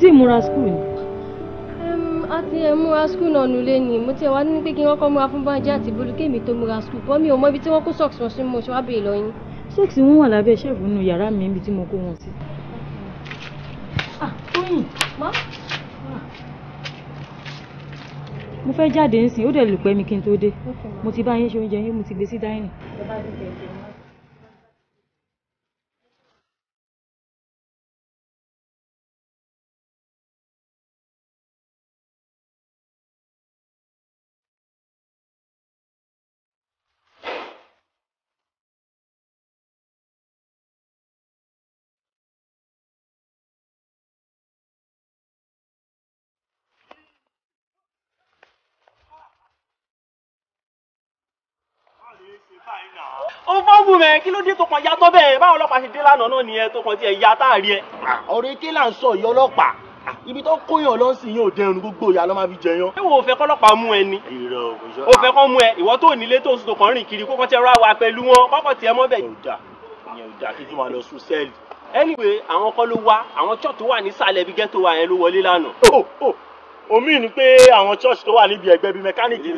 tí ì múra skul ni. a ti ẹ̀ múra skul náà nulẹ̀ ni mo ti ẹ̀ wá ní pé kí wọ́n kọ́ múra fún báńjẹ́ àti bólú kémi tó múra skul kọ́ mi ò mọ ibi tí wọ́n kó socks wọn sí mo ṣe wá bèè lọ yín. socks wọn wà lábẹ́ ṣẹ́ẹ̀fù nínú yàrá mi níbi tí mo kó wọn sí. Ah, mo fẹ́ jáde ńsìn ó dẹ̀ lù mi kí n tó dé mo ti bá yín ṣe oúnjẹ yín mo ti gbé sí dáínì. lánàá náà nìyẹn tó kàn tiẹ̀ ya táàrí ẹ. ọ̀rọ̀ èké là ń sọ ìyá ọlọ́pàá ibi tó kóyàn lọ sí yóò dẹrùn gbogbo ìyá ló máa fi jẹyàn. ṣé wo fẹ́ kọ́lọ́pàá mú ẹ ni. o fẹ́ kọ́ mú ẹ ìwọ tó nílé tó sùn tó kàn rìn kiri kókó tẹ ra wa pẹ̀lú wọn kọ́kọ́ tiẹ̀ mọ́ bẹ̀. ìyẹn ò dáa ìyẹn ò dáa kí tí wọ́n lọ sùn sẹ́ẹ̀lì. anyway àwọn kọ́ ló wá àwọn church tó wà nísàlẹ̀ bí ghetto wa yẹn ló wọlé lánàá. omi ni pé àwọn church tó wà níbi ẹgbẹ́ bíi mẹkáníìkì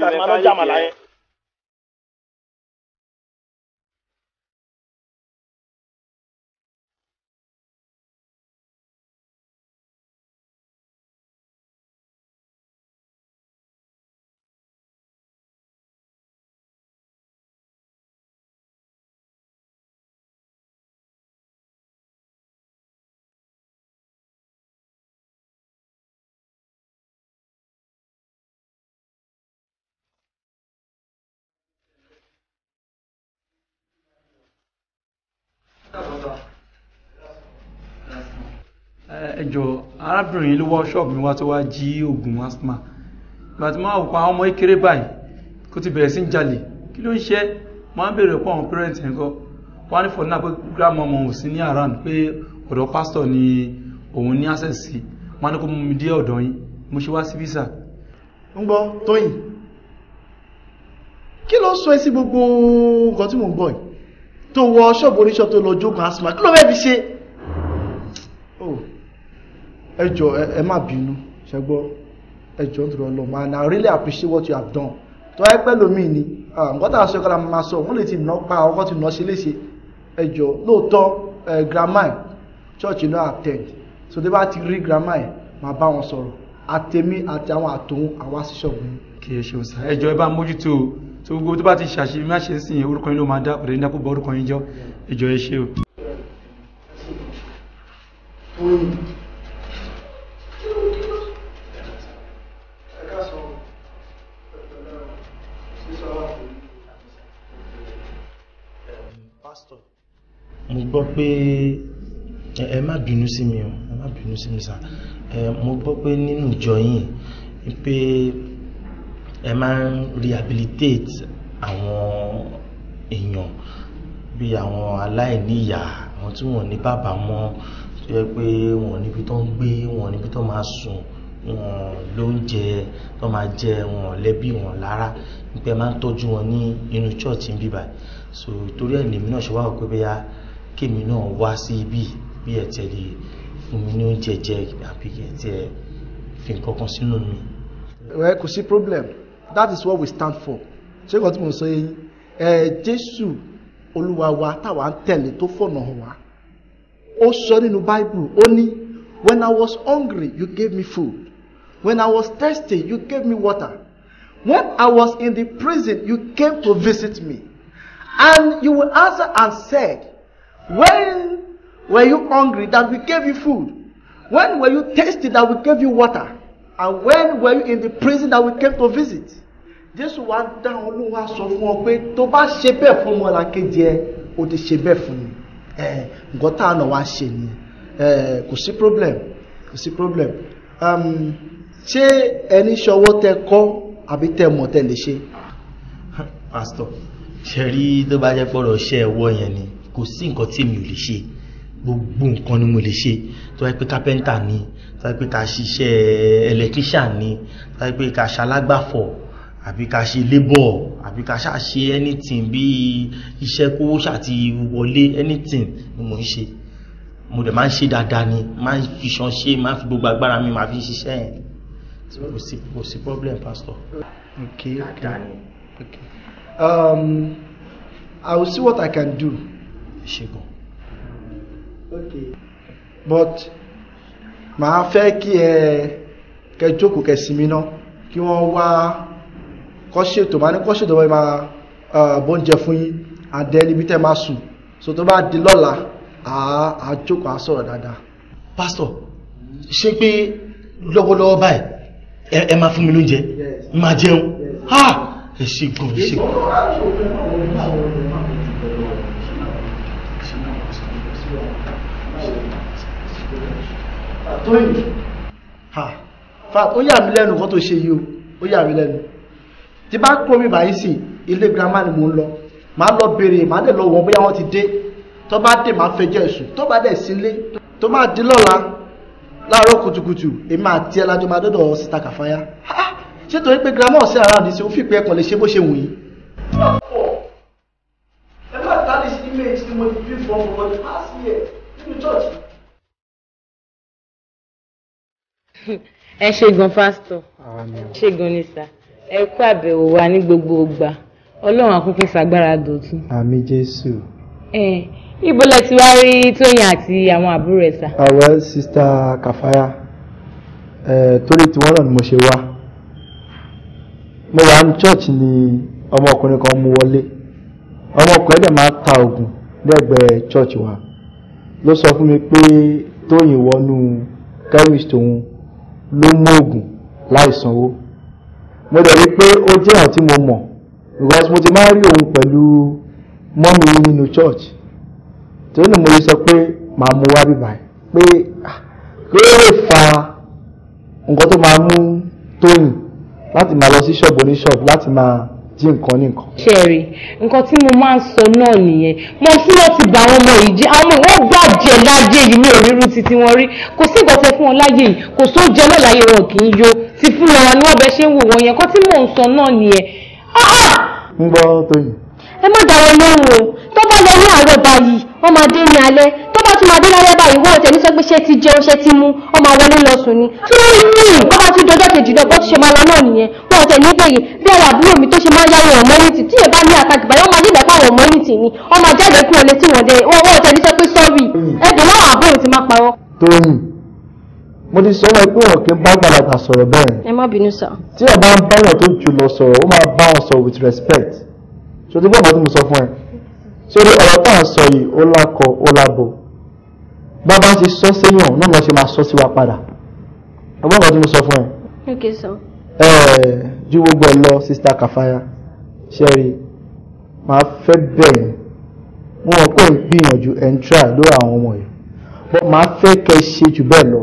arábìnrin yìí ló wọ́ ṣọ́ọ̀bù mi wá tó wá jí oògùn asthma ìgbà tí máa pa ọmọ ìkéré báyìí kó ti bẹ̀rẹ̀ sí ń jalè kí ló ń ṣe máa ń béèrè pọ̀ àwọn pẹ́rẹ́ǹtì nǹkan wọ́n ní fọ́nà pé gírámà ọmọ òun sí ní aran pé ọ̀dọ̀ pásítọ̀ ni òun ní access sí wọ́n á ní kó mú mi dé ọ̀dọ̀ yín mo ṣe wá sí visa. ń gbọ́ tóyìn kí ló sọ ẹ sí gbogbo nǹkan tí mò ń gbọ́ yìí tó wọ ṣọ́ọ̀bù oníṣọ́ tó lọ jókòó asthma kí ló fẹ́ fi ṣe ẹ jọ ẹ má bínú ṣẹgbọ́ ẹ jọ ń tọrọ ọlọ́run and I really appreciate what you have done tó ẹ pẹ́ lómi ni nǹkan tá a sọ kára máa sọ wọ́n lè ti nà pa ọkọ̀ ti nà ṣe léṣe ẹ jọ lóòótọ́ grandma church náà attend so tí bá ti rí grandma yẹn máa bá wọn sọ̀rọ̀ àtẹ̀mí àti àwọn àtòun àwa sí ṣọ̀gbìn. kì í ṣe òsà ẹ jọ ẹ bá mójútó o tó gbogbo tó bá ti ṣàṣì má ṣe sìn yẹn orúkọ yín ló máa dá ọ̀rẹ́ nígbà púpọ̀ orúkọ yín jọ ẹ ẹ ṣe o. mo gbọ́ pé ẹ má bínú sí mi o ẹ má bínú sí mi sà ẹ mo gbọ́ pé nínú ìjọ yìí pé ẹ máa ń rehabilitate àwọn èèyàn bí àwọn aláìní ìyá àwọn tí wọ́n ní bàbá mọ́ tó yẹ pé wọ́n níbi tó ń gbé wọ́n níbi tó máa sùn wọ́n lóúnjẹ tó máa jẹ wọ́n lẹ́bí wọ́n lára pé ẹ máa ń tọ́jú wọn ní inú church ń bíbà so torí ẹ̀ lèmi náà ṣe wá òpin bóyá kémi náà wá sí ibi bí ẹ tẹ̀lé fún mi ní oúnjẹ jẹ àbí ẹ tẹ fi nǹkan kan sínú mi. ẹ kò sí problem that is what we stand for ṣé kò tí mo sọ yẹn ẹ Jésù Olúwa wa táwa ń tẹ̀lé tó fọ̀nà hàn ó sọ nínú Bible ó ní when I was hungry you gave me food when I was thirsty you gave me water when I was in the prison you came to visit me and you will answer and said When were you hungry that we gave you food? When were you thirsty that we gave you water? And when were you in the prison that we came to visit? Jésù wá dá olúwa sọ fún ọ pé tó bá ṣe bẹ́ẹ̀ fún ọmọlàkejì ẹ o ti ṣe bẹ́ẹ̀ fún mi nǹkan tá à náà wá ṣe ni kò sí problem kò sí problem um, ṣé ẹni ṣọwọ́ tẹ kọ́ àbí tẹ mọ̀ tẹ lè ṣe. pásítọ̀ ṣe rí tó bá jẹ́ pọ̀rọ̀ ṣẹ́ ẹ̀wọ́ yẹn ni kò sí nǹkan tí èmi ò lè ṣe gbogbo nǹkan ni mo lè ṣe tó wáyé pé kápẹ́ńtà ni tó wáyé pé ká ṣiṣẹ́ electrician ni tó wáyé pé ká ṣalágbàfọ̀ àbí ká ṣe labour àbí ká ṣáà anything bíi iṣẹ́ kówó ṣàti wọlé anything ni mo ń ṣe mo dẹ̀ máa ń ṣe dáadáa ni máa ń fi ṣan ṣe máa ń fi gbogbo agbára mi máa fi ṣiṣẹ́ yẹn kò sí kò sí problem pastor. okay okay okay um i will see what i can do ìṣègùn. okay but màá fẹ́ kí ẹ kẹ jókòó kẹ sinmi ná kí wọ́n wá kọ́ ṣètò máa ní kọ́ ṣètò wọ́n máa bóúnjẹ fún yín àdẹ níbi tẹ́ máa sùn so tó bá di lọ́la àá jókòó àá sọ̀rọ̀ dáadáa. pásítọ̀ ṣé pé lọ́wọ́lọ́wọ́ báyìí ẹ máa fún mi lóúnjẹ máa jẹun ẹ ṣe gan ẹ ṣe gan. Tóyìn ó yà mí lẹ́nu kó tó ṣe yìí o ó yà mí lẹ́nu tí bá kúrò mi báyìí sí ilé girama ni mò ń lọ màá lọ béèrè màá dẹ̀ lọ wọ́n bóyá wọ́n ti dé tó bá dé màá fẹjọ́ ẹ̀sùn tó bá dẹ̀ sílé tó máa di lọ́la láàárọ̀ kùtùkùtù èmi àti ẹlájọ máa dọ́dọ̀ síta kàfáyà ṣé torí pé girama ọ̀sẹ̀ ara ní sí ó fi pé ẹkàn lè ṣe bó ṣe wù yín. ẹ má tàbí image ni mo ti bí fọ́ for the ẹ ṣe gan pásítọ̀ ṣe gan ni sà ẹ kú àbẹ̀wò wa ní gbogbo ìgbà ọlọ́run àkúnkún ṣàgbára dòtún. àmín jésù. ẹ ibo lẹ ti wá rí tóyìn àti àwọn àbúrò ẹ sà. àwọn sista kàfáyà torí tiwọn náà ni mo ṣe wá mo wà ní church ni ọmọkùnrin kan mú wọlé ọmọkùnrin dẹ̀ máa ta oògùn lẹ́gbẹ̀ẹ́ church wa ló sọ fún mi pé tóyìn wọnú chemist òun ló mú oògùn láì sanwó mo dẹ̀ rí pé ó jẹ́ ọ̀tí mo mọ̀ because mo ti máa rí òun pẹ̀lú mọ́mí nínú church torí náà mo lè sọ pé màá mú wá bíbá pé ah, kí ó lè fa nǹkan tó máa mú tóyìn láti máa lọ sí ṣọ́ọ̀bù oníṣọ́ọ̀bù láti máa jí nǹkan ní nǹkan. ṣẹ́ẹ̀rì nǹkan tí mo máa ń sọ náà nìyẹn mo ti lọ ti bá ọmọ yìí jẹ àwọn ọmọ wọn bàjẹ́ láyé yìí mi ò titi wọn rí kò sí nǹkan tẹ fún wọn yìí kò sóúnjẹ náà wọn ti fún wọn ni wọn bẹ ṣe ń wò wọn yẹn o tó bá lọ ní àárọ̀ báyìí wọ́n máa máa dé lálẹ́ báyìí wọ́n tẹ̀ ní sọ pé ṣé ti jẹun ṣé ti mu ọmọ wọlé lọ sùn ni kí ló ní wọ́n bá tún dọjọ́ kejì náà bó ti ṣe máa lọ náà nìyẹn wọ́n tẹ̀ ní bẹ̀yẹ bí àwọn àbúrò mi tó ṣe máa yáwó ọmọ ní ti tí èèbá ní àtàkì báyìí wọ́n máa nígbà pàwọ̀ ọmọ ní ti ni wọ́n máa jáde kúrò létí wọn dẹ wọ́n tẹ̀ ní sọ pé sọ́ọ̀rì ẹ̀dùn láwọn àbúrò ti máa parọ́. tóyìn mo ti sọ wípé ọ̀kẹ́ bá gbàlagbà sọ̀rọ̀ bẹ́ẹ̀. ẹ má bínú sá. tí ẹ bá ń bá wọn tó jù lọ sọ̀rọ̀ ó máa bá wọn sọ̀rọ̀ with respect ṣòtí bọ́ọ̀ bá tí mo sọ fún ẹ sórí ọ̀rọ̀ tá à ń sọ yìí ó lákọ ó lábo bàbá ṣe sọ sẹ́yìn ọ̀hún náà lọ ṣe máa sọ sí wa padà ọgbọ́n kan tí mo sọ fún ẹ. ok sọ. ẹ ju gbogbo ẹ lọ sista Kafaya ṣẹ́rí máa fẹ́ bẹ̀yìn mo mọ̀ pé ń gbìyànjú ẹ̀ ń tíra lórí àwọn ọmọ yìí but máa fẹ́ kẹ́ ṣe jù bẹ́ẹ̀ lọ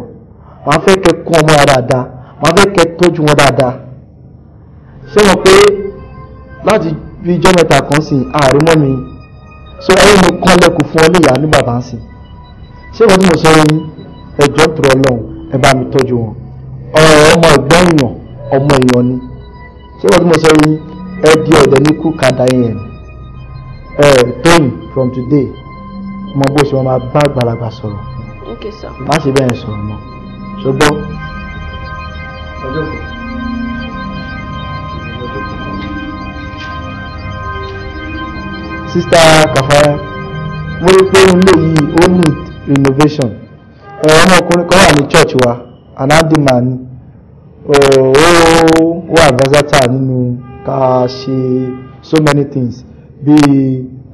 máa fẹ́ kẹ́ kún ọmọ yàrá dáadáa máa fẹ́ kẹ́ tọ́jú wọn dáadáa ṣé mo pé láti bí ijọ́ mẹ́ta kan sìn ààrẹ mọ́ mi so ẹ̀rọ mi kọ́ fún ọ lè yá ní bàbá sìn ṣé wọ́n tí mo sọ ní ẹjọ́ tó ọlọ́run ẹ mi tọ́jú wọn ọ̀rọ̀ ọmọ ẹ̀gbọ́n èèyàn ọmọ èèyàn ni ṣé wọ́n tí mo sọ ní ẹ di ní kú kàdá yẹn ẹ tóyìn from today mo bó ṣe wọn máa bá àgbàlagbà sọ̀rọ̀ má ṣe bẹ́ẹ̀ sọ̀rọ̀ mọ́ ṣùgbọ́n. sista kàfáyà mo rí pé ilé yìí ó ní Innovation. ẹ̀rọ ọmọkùnrin kan wà ní church wa anadima ni ó wà versatile nínú ká ṣe so many things bíi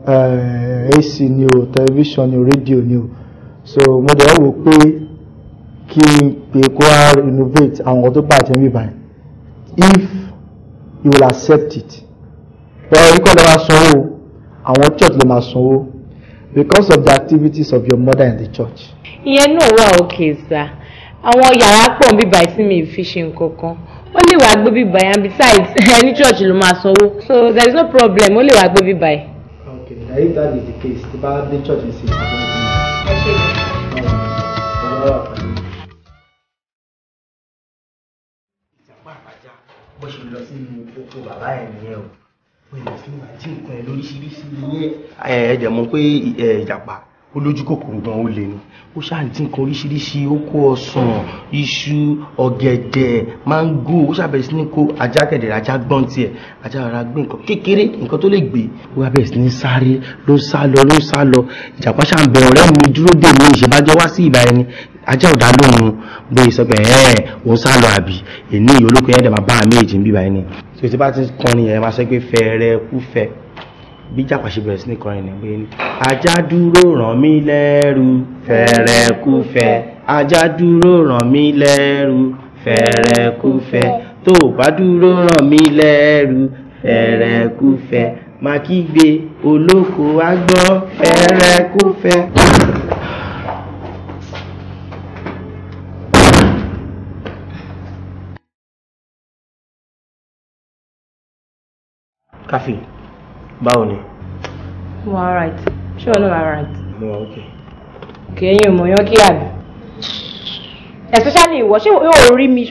ac ni o television ni o radio ni o so mo dẹ̀ wò pé kí n pè kó wá renovate àwọn nǹkan tó bàjẹ́ ń báyìí if you will accept it bẹ́ẹ̀ orí kọ́ ló máa sanwó àwọn church ló máa sanwó because of the activities of your mother in the church. ìyẹn náà wà òkè sá àwọn yàrá pọ̀ ń bíbá sí mi fi ṣe nǹkan kan ó lè wàá gbé bíbá yẹn besides ẹni church ló máa sanwó so there is no problem ó lè wàá gbé bíbá yẹn. okay if that is the case the bá the church is. sí i. bó ṣe lọ sínú oko bàbá ẹ̀ nìyẹn o ẹ jẹ́ mọ̀ pé ìjàpá olójú kòkòrò gan ó lè ní ó ṣáà dín nǹkan oríṣiríṣi ó kó ọsàn iṣu ọ̀gẹ̀dẹ̀ máńgò ó ṣàbẹ̀rẹ̀ sí ní kó ajá gẹ̀dẹ̀ ajá gbọ́n tiẹ̀ ajá rárá gbé nǹkan kékeré nǹkan tó lè gbé ó wá bẹ̀rẹ̀ sí ní sáré ló ń sá lọ ló ń sá lọ ìjàpá ṣáà ń bẹ ọ̀rẹ́ mi dúró dè mí ìṣèbájọ́ wá sí ìbá ẹni ajá ò dá lóhun bóyá sọ pé ẹ ẹ òun sá lọ àbí èní ìyólókè ẹ̀dẹ̀ máa bá èjì ń bíbá ẹni bí jàpá ṣe bẹ̀rẹ̀ sí ní kọrin ní pé ajá dúró ràn mí lẹ́rù fẹ̀rẹ̀kúfẹ̀ ajá dúró ràn mí lẹ́rù fẹ̀rẹ̀kúfẹ̀ tó o bá dúró ràn mí lẹ́rù fẹ̀rẹ̀kúfẹ̀ má kígbe olóko àgbọ̀ fẹ̀rẹ̀kúfẹ̀. Coffee báwo ni. mo wà right ṣé wọn náà wà right. mo wà ok. kì í yín mọ̀yán kí àbí. especially ìwọ ṣé o rí mi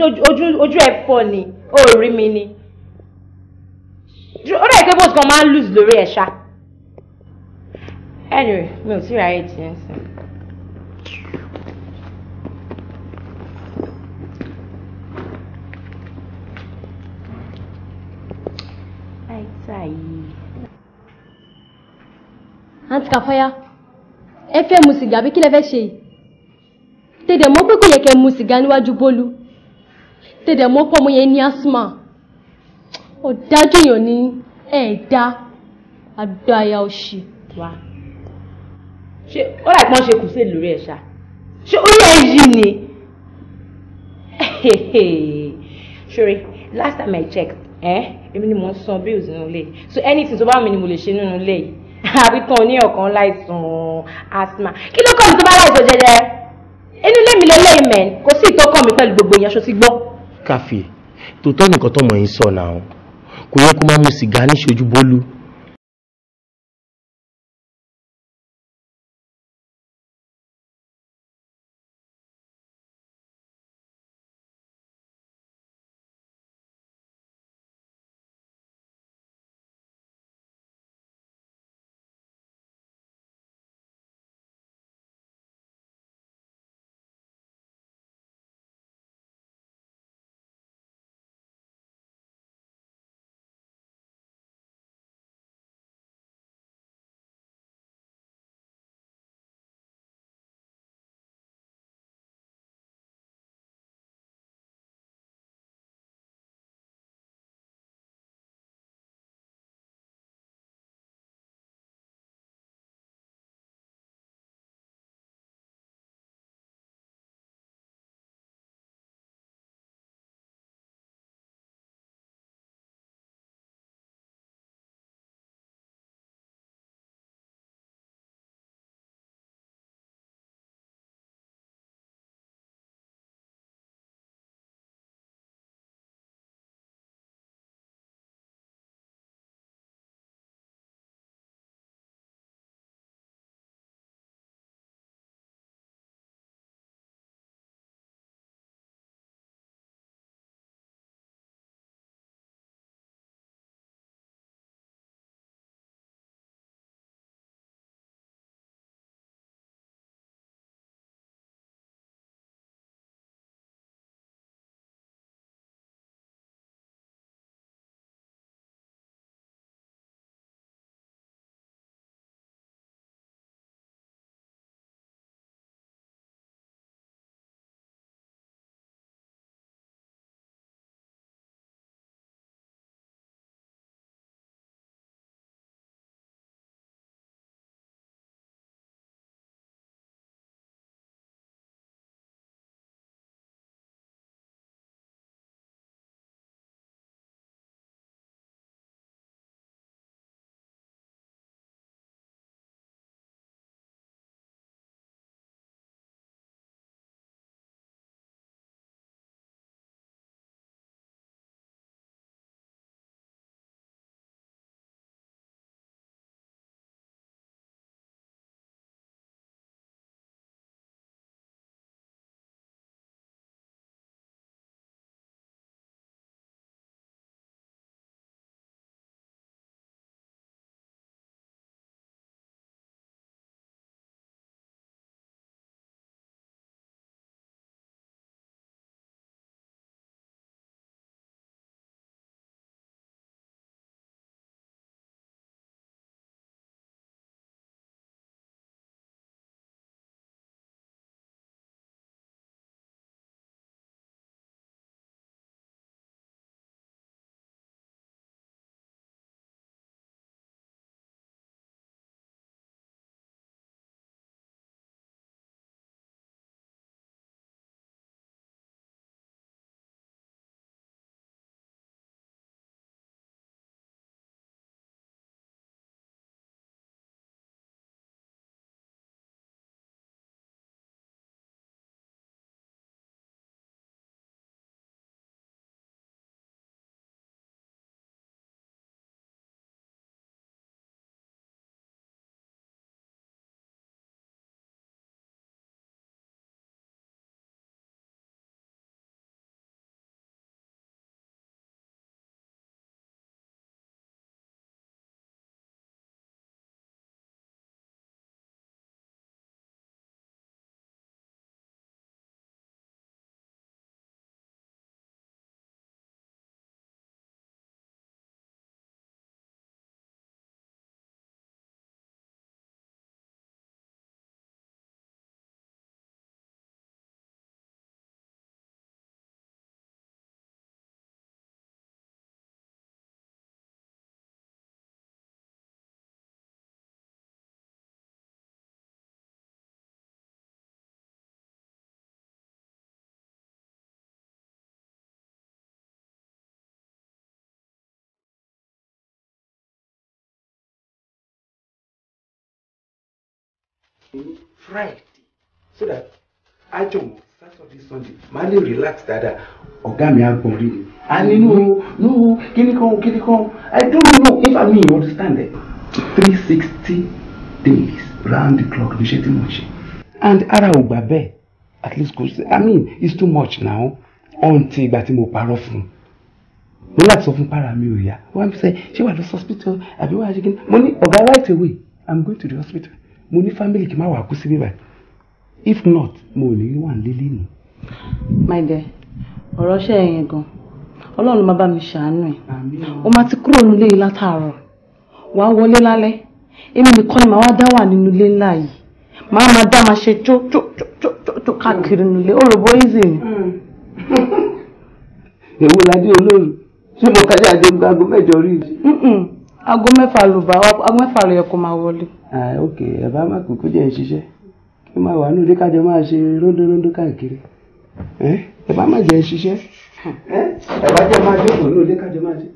ojú ẹ pọ̀ ni o rí mi ni ó dẹ̀ pé bóòtù kan máa ń lose lórí ẹ̀ ṣá. anyway mi ò tí ì ráyè tiẹ̀ sí. Tá aí àǹtí Kàfáyà ẹ fẹ́ mu sìgá bí kí lẹ fẹ́ ṣe yìí tẹdẹ mọ̀ pé kò yẹ kẹ́ mu sìgá níwájú bólú tẹdẹ mọ̀ pé ọmọ yẹn ní asthma ọ̀dájú èèyàn ní ẹ̀ẹ́dá àdáyà òṣì. wá ṣé ó láì pọ́n ṣe kù sí lórí ẹ̀ ṣá ṣé orí ẹ̀ yí ni ṣòro last time I checked ẹ̀ eh, èmi ni mo ń san bills nínú ilé so anything tó bá mi ni mo lè ṣe nínú ilé yìí àbí tán ní ọ̀kan láìsàn asthma kí ló kọ́ mi tó bá láìsàn jẹjẹ inú ilé mi lélẹ́yìn mẹ́ kò sí ìtọ́kọ̀ mi pẹ̀lú gbogbo ìyẹn ṣoṣì gbọ́. káfíń tòótọ́ nìkan tọmọ yín sọ náà kò yẹ kó má mu sìgá níṣojú bólú friday so that I ajọmọ saturday sunday máa lè relax dáadáa ọ̀gá mi á gbọ́n rí mi a nínú nínú kíní kan kíní kan i don't know if i mean you understand it 360 days round the clock ní ṣe tí and ara ò gbà at least kò i mean it's too much now Auntie, ìgbà tí mo parọ́ fún un mo láti sọ fún para mi ò yá wọ́n á fi sẹ́ ṣé hospital àbí wà á ṣe kí right away i'm going to the hospital mo ní family kí n má wàá kú síbí báyìí if not mo ò ní wà nílé nù. my dear ọ̀rọ̀ ṣe ẹ̀yìn gan ọlọ́run máa bá mi ṣàánú ẹ̀ o máa ti kúrò nílé yìí látàárọ̀ wàá wọlé lálẹ́ èmi nìkan ni màá wá dá wà nínú ilé ńlá yìí màá máa dá máa ṣe tó tó tó tó tó káàkiri nílé ó rò bó easy ni. èwo ládé olóòrùn ṣé mo kájà àjẹmú aago mẹ́jọ rí i. aago mẹ́fà ló bá aago mẹ́fà ló yẹ kó máa wọlé. ok ẹ bá má kúkú jẹ́ ìṣiṣẹ́ kí máa wà nílé kájọ máa ṣe ròndòròndò káàkiri ẹ bá má jẹ́ ìṣiṣẹ́ ẹ bá jẹ́ máa jókòó nílé kájọ máa ṣe.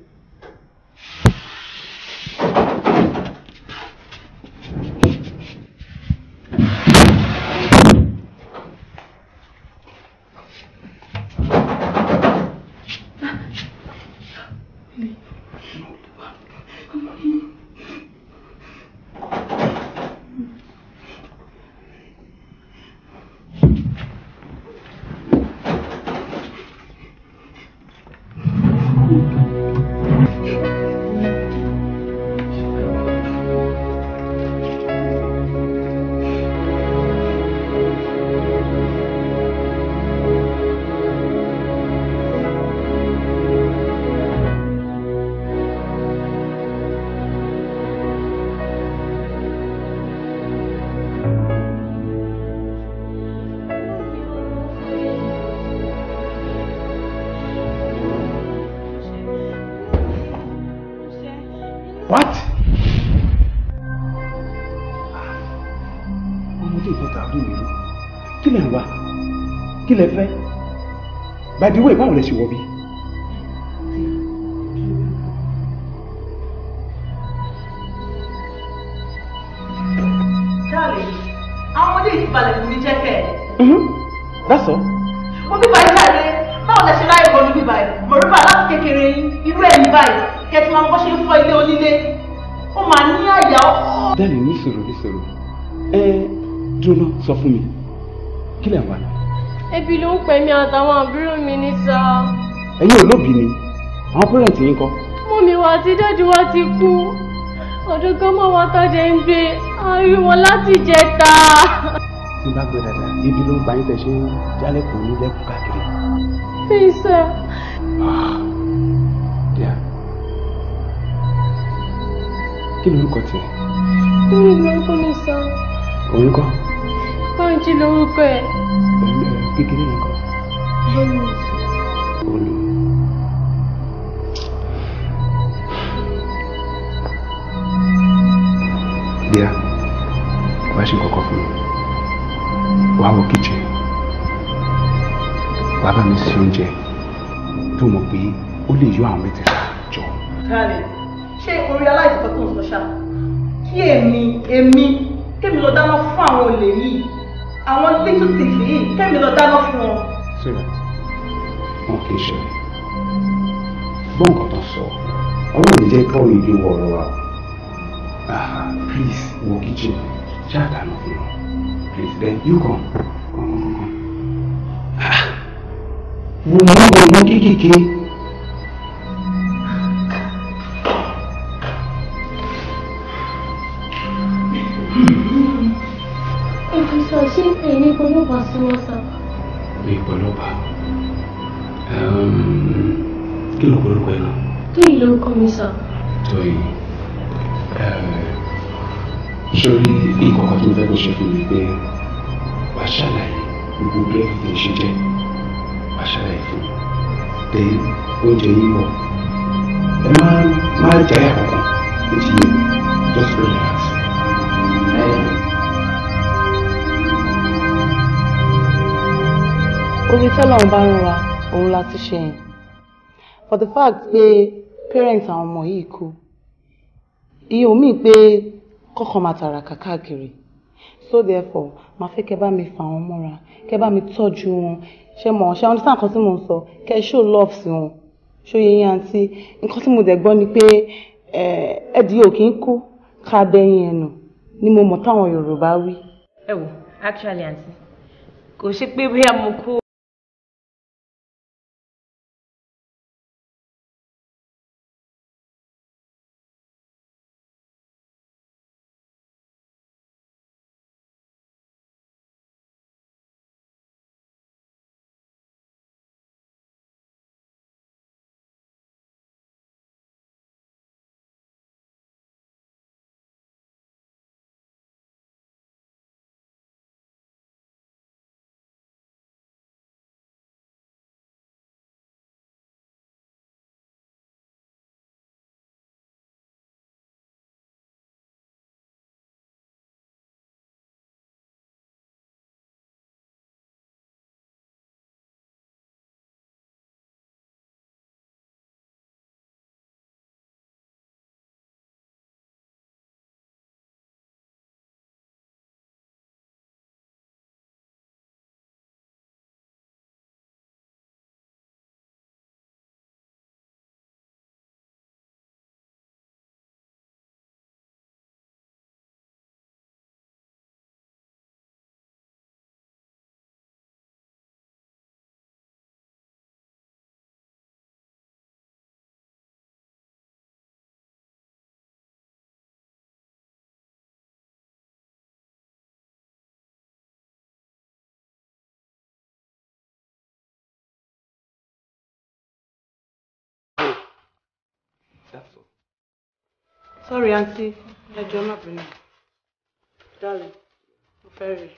kí lẹ fẹ́ by the way báwo lẹ ṣe wọ bí. nífẹ̀ẹ́ mi àtàwọn àbúrò mi ní sá. ẹ̀yin olóbì ni àwọn pẹ́rẹ́ǹtì yín kọ́. mọ́mì wa àti dáàdì wa ti kú ọdún kan mọ́ wa tọ́jà ń gbé àárín wọn láti jẹta. tí n bá gbé dada ibi ló ń gba yín tẹ ṣe ń jálẹ̀kùn ní lẹ́kùn káàkiri. please sir. Ah, díà kí ni orúkọ tiẹ̀. mi ò lórúkọ mi sọ. òun kọ́. báńkì lórúkọ ẹ̀. kékeré yẹn kọ́. Bia, wá ṣe kọ̀kọ́ fún mi. Wá wọ kíjì. Wá bá mi sí oúnjẹ tó mọ̀ pé ó lè yọ àwọn mẹ́tẹ̀ẹ̀ta jọ. Darling, ṣé orí aláìsàn tó ń sọ ṣá? little things yìí, kémi lọ dáná fún wọn so that wọn kì í ṣẹlẹ̀ gbọ́ nǹkan tó sọ ọlọ́run jẹ́ kọ́ ìdí wọ ọ̀rọ̀ wa please wọ kitchen ṣáàtà lọ fún wọn please then you come come come come. mo mọ̀ ọ́ gbọ́dọ̀ kéékèèké. tọ́lọ́run bá rán wa òun la tún ṣe yẹn for the fact pé parents àwọn ọmọ yìí kú iye omi pé kọ́kọ́ máa tàràkà káàkiri so therefore màá fẹ́ kẹ́ bá mi fà wọ́n mọ́ra kẹ́ bá mi tọ́jú wọn ṣe mọ̀ ṣe àwọn oníṣàkọ́ tí mò ń sọ kẹ́ show love sí wọn ṣó yẹ yín àǹtí nǹkan tí mo dẹ̀ gbọ́ ni pé eh, ẹ̀ẹ́dì ò kí ń kú ká bẹ́yìn ẹnu ni mo mọ̀ táwọn Yorùbá wí. ẹ wo actually àǹtí kò ṣe pé bóyá mo kó Sorry, Auntie. Ẹ not má bínú. Darling, mo fẹ́ rí.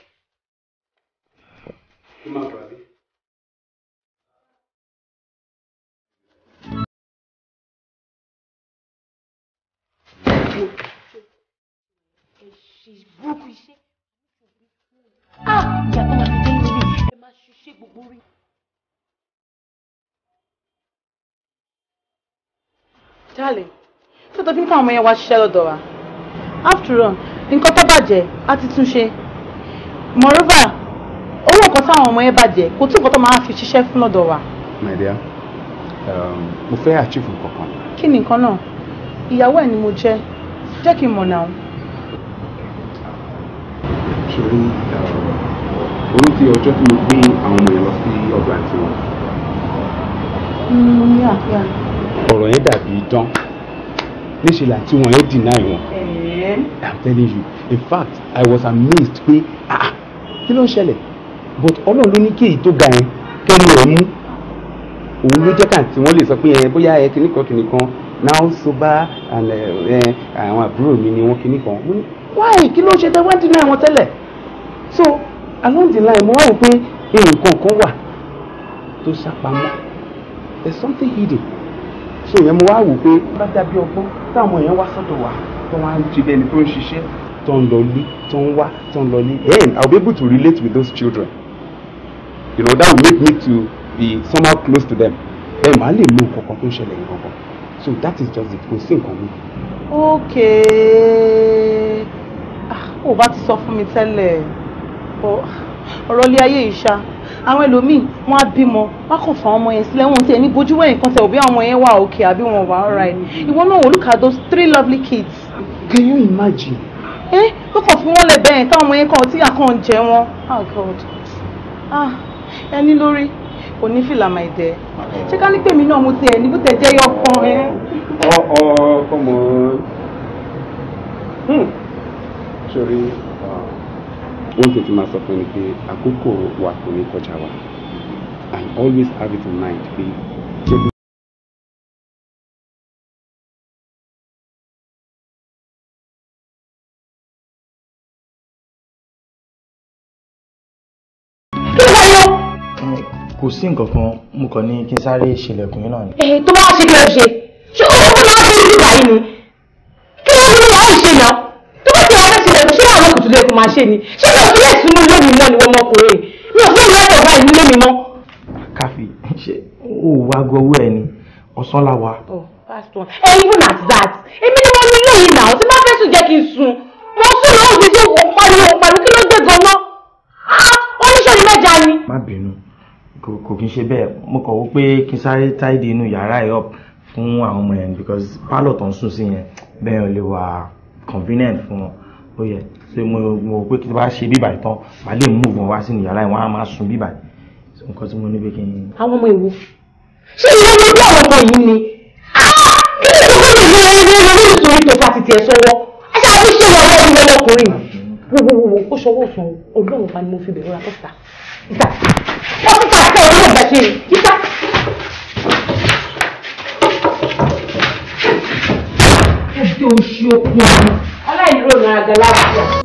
Ó máa bọ̀ àbí? burúkú iṣẹ́. Ah! tó Darling. tí tó fi ń kọ́ àwọn ọmọ yẹn wá ṣiṣẹ́ lọ́dọ̀ wa after all nǹkan tó bàjẹ́ á ti tún ṣe moreover owó nǹkan táwọn ọmọ yẹn bàjẹ́ kò tún nǹkan tó máa fi ṣiṣẹ́ fún lọ́dọ̀ wa. my dear um, mo fẹ́ achieve nǹkan kan. kí ni nǹkan náà ìyàwó ẹ̀ ni mo jẹ́ jẹ́ kí n mọ̀ náà. sori um, orí ti ọjọ́ tí mo gbé àwọn ọmọ yẹn lọ sí ọgbà tiwọn. Mm, ọ̀rọ̀ yẹn dàbí dán níṣẹ́ la tí wọ́n yẹn deny wọn. i'm telling you in fact i was amazed pé ah, ah kí ló ń ṣẹlẹ̀ but ọlọ́run ló ní kéyìí tó ga yẹn kẹ́nu ẹ̀ mú òun ló jẹ́ káàtì wọ́n lè sọ pé ẹ bóyá ẹ kìnnìkan kìnnìkan now soba and eh, eh, àwọn àbúrò mi ni wọ́n kìnnìkan mo ní why kí ló ṣe tẹ wọ́n deny wọn tẹ́lẹ̀ so along the line mo wá wò pé nǹkan kan wà tó sápamọ́ there's something hidden so yẹn mo wá wò pé bá dàbí ọgbọ́n táwọn èèyàn wá sọ́dọ̀ wa tó wá ń ṣe bẹ́ẹ̀ ni tó ń ṣiṣẹ́ tó ń lọ lé tó ń wá tó ń lọ lé then i will be able to relate with those children you know that will make me to be somehow close to them then màá lè mú nǹkan tó ń ṣẹlẹ̀ yìí kankan so that is just the kò for me. mi. ok ò ah, bá ti sọ fún mi tẹ́lẹ̀ ọ̀rọ̀ ilé ayé yìí ṣá àwọn ẹlòmíì wọn á bímọ wọn kàn fún ọmọ yẹn sílẹ̀ wọn tiẹ̀ ní bójú wẹ̀yìn kan sẹ̀ òbí àwọn yẹn wà òkè àbí wọn wà alright mm. ìwọ náà wò look at those three lovely kids. can you imagine. ẹ ló kàn fún wọn lẹ bẹ́ẹ̀ káwọn ọmọ yẹn kan tí àkàn jẹ wọn oh god ah ẹni lórí kò ní fìlà máa dẹ ṣé ká ní pèmí náà mo tiẹ̀ ní bó tẹ̀ jẹ́ yọ ọkàn ẹ. ọ ọ kọmọ hmm. sori wọ́n tètè máa sọ fún mi pé àkókò wa kò ní kọjá wa and always have it in mind pé. kò sí nǹkan kan mo kàn ní kí n sáré ṣílẹ̀kùn yín náà ni. ẹ eh, tó bá ṣe kí ẹ ṣe ṣé ó kún lọ́wọ́ sí ìgbà yìí ni kí ló ń wá ìṣe tún lè fún máa ṣe ni ṣé mi ò tún lè súnmọ́ lónìí mọ́ ni wọ́n ọmọkùnrin mi ò tún lè rẹ́ ọ̀gá ìlú lónìí mọ́. káfí ṣe ó wá gọwọ ẹ ni ọ̀sán la wà. ẹ oh, even at that èmi ni wọn ní lóyìn náà tí bá fẹ́ sùn jẹ́ kí n sùn mo sùn lọ́wọ́ ti dé pariwo pariwo kí ló dé gan-an ah, oníṣẹ́ ni mẹ́ja ni. má bínú kò kí n ṣe bẹ́ẹ̀ mo kàn wó pé kí n sáré tidy inú yàrá ẹ̀ up fún àwọn ọmọ yẹn because pálọ̀ tó ń sùn sí yẹn bẹ́ẹ̀ ò lè wà convenient fún wọn ó yẹ ṣe mo mo pé kí n bá ṣe bíbà ìtàn màá lè mú ìwọ̀n wá sínú yàrá ìwọ̀n á máa sun bíbà nǹkan tí mo ní pé kí n. àwọn ọmọ ìwò ṣé ìwé gbogbo àwọn ọmọ yìí ni kí ni ìwé gbogbo ìwé ìwé ìwé ìwé ìtòrí tó ká ti tiẹ̀ sọ́wọ́ ẹ̀ṣẹ̀ àti ṣé wọ́n wọ́n ìwé ọkùnrin wọ́wọ́wọ́ ó ṣọwọ́ òsàn ọlọ́run pa ni mo fi bẹ̀rù ra pọ́sítà ìta pọ́sítà àti ọ̀rọ̀ ọ̀gbà ṣe ìta. ẹgbẹ́ oṣù okun ọ̀hún aláìlú ọ̀nà àgàlà àbúrò.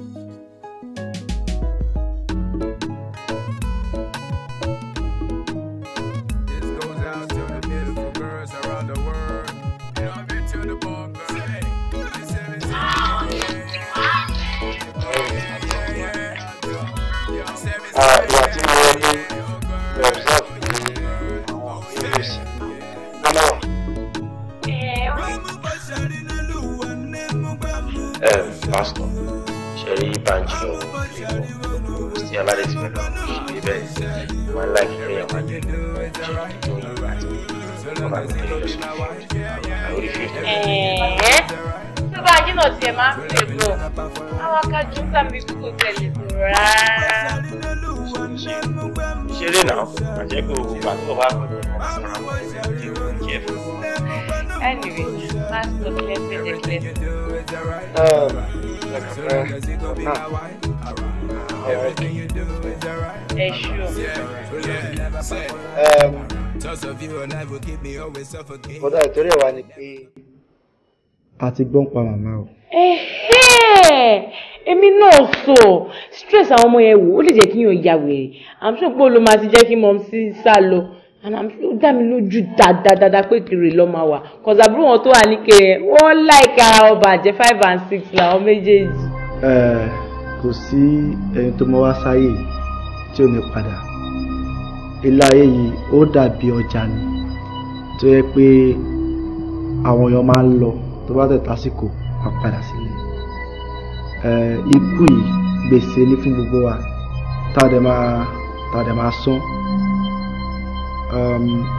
everything you do Hey, sure. Um, kódà ìtòrí ẹ̀ wá ni pé a ti gbọ́n pa màmá o. èmi náà sọ stress àwọn ọmọ yẹn wò ó lè jẹ́ kí n yàn ya wèrè i'm sure pé olóma ti jẹ́ kí mọ̀ sí sá lọ and i'm sure ó dá mi lójú dáadáa pé kiri lọ́ máa wà kọ̀sàbúrò wọn tó wà ní kẹrẹ wọ́n láìka ọba àjẹ five and six làwọn méjèèjì kò sí ẹni tó mọ wá sáyé tí ò ní padà ilé ayé yìí ó dàbí ọjà ni tó yẹ pé àwọn èèyàn máa ń lọ tó bá tẹ̀ tásìkò á padà sílé ikú yìí gbèsè ní fún gbogbo wa tá a dẹ̀ máa tá a dẹ̀ máa san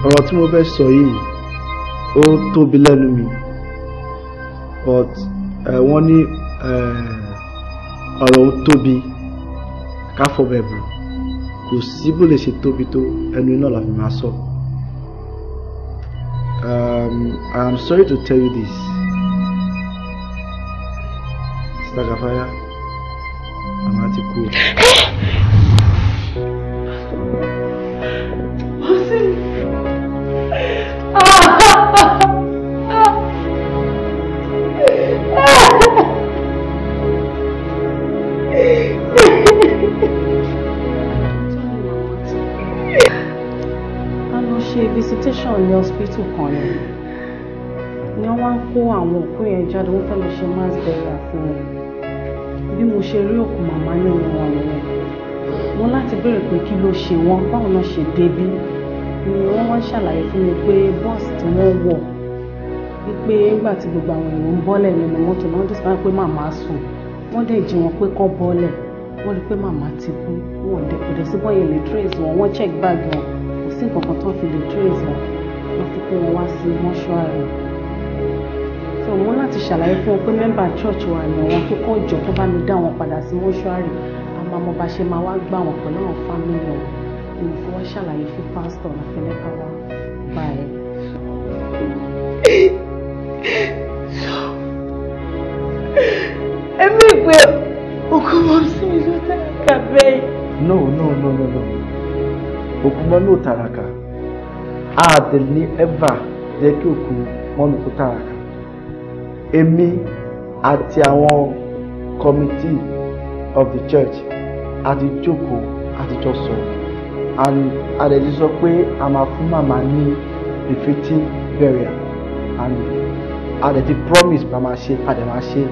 ọ̀rọ̀ tí mo fẹ́ sọ yìí ó tóbi lẹ́nu mi but wọ́n ní. Uh, ọ̀rọ̀ òun tóbi ká kò sí bó lè ṣe tóbi tó ẹnu iná la máa sọ. Um, I am sorry to tell you this. Sister Gafaya, màmá ti kú. junction ní hospital kan ni ni wọ́n wá ń kó àwọn òkú yẹn jáde wọ́n fẹ́ lọ ṣe mass burial fún wọn bí mo ṣe rí òkú màmá nínú wọn nìyẹn mo láti béèrè pé kí ló ṣe wọn báwo náà ṣe débí ni wọ́n wá ń ṣàlàyé fún mi pé bọ́ọ̀sì tí wọ́n wọ̀ wípé nígbà tí gbogbo àwọn èèyàn ń bọ́lẹ̀ nínú mọ́tò náà dé sáà pé màmá sùn wọ́n dẹ̀ jí wọn pé kọ́ bọ́lẹ̀ wọ́n rí pé màmá ti kú wọ́n dẹ̀ kò dẹ̀ síbọ̀ yẹn lè trace wọn wọ́n check bag wọn kò sí nǹkan kan tó fi lè trace wọn wọ́n ti pé wọ́n wá sí mọ́ṣúárì so wọ́n láti ṣàlàyé fún wọn pé mẹ́mbà church wa ni àwọn tó kọ́ jọ tó bá mi dá wọn padà sí mọ́ṣúárì àmọ́ àmọ́ bá ṣe máa wá gbà wọ́n pẹ̀lú àwọn fámìlì wọn ni mo fi ṣàlàyé fún pásítọ̀ àfẹnẹ́ká wa báyìí. ẹ̀mí ìpè òkú mọ́ sí mi ló tẹ̀ka bẹ́ẹ̀. no no no no no òkú ló tàràkà. No, a dẹ̀ ní ever jẹ́ kí òkú mọ́mí kó tààrà kà èmi àti àwọn committee of the church a ti jókòó a ti jọ and a dẹ̀ ti sọ pé a máa fún màmá ní befitting burial and a dẹ̀ promise pé a máa ṣe a máa ṣe.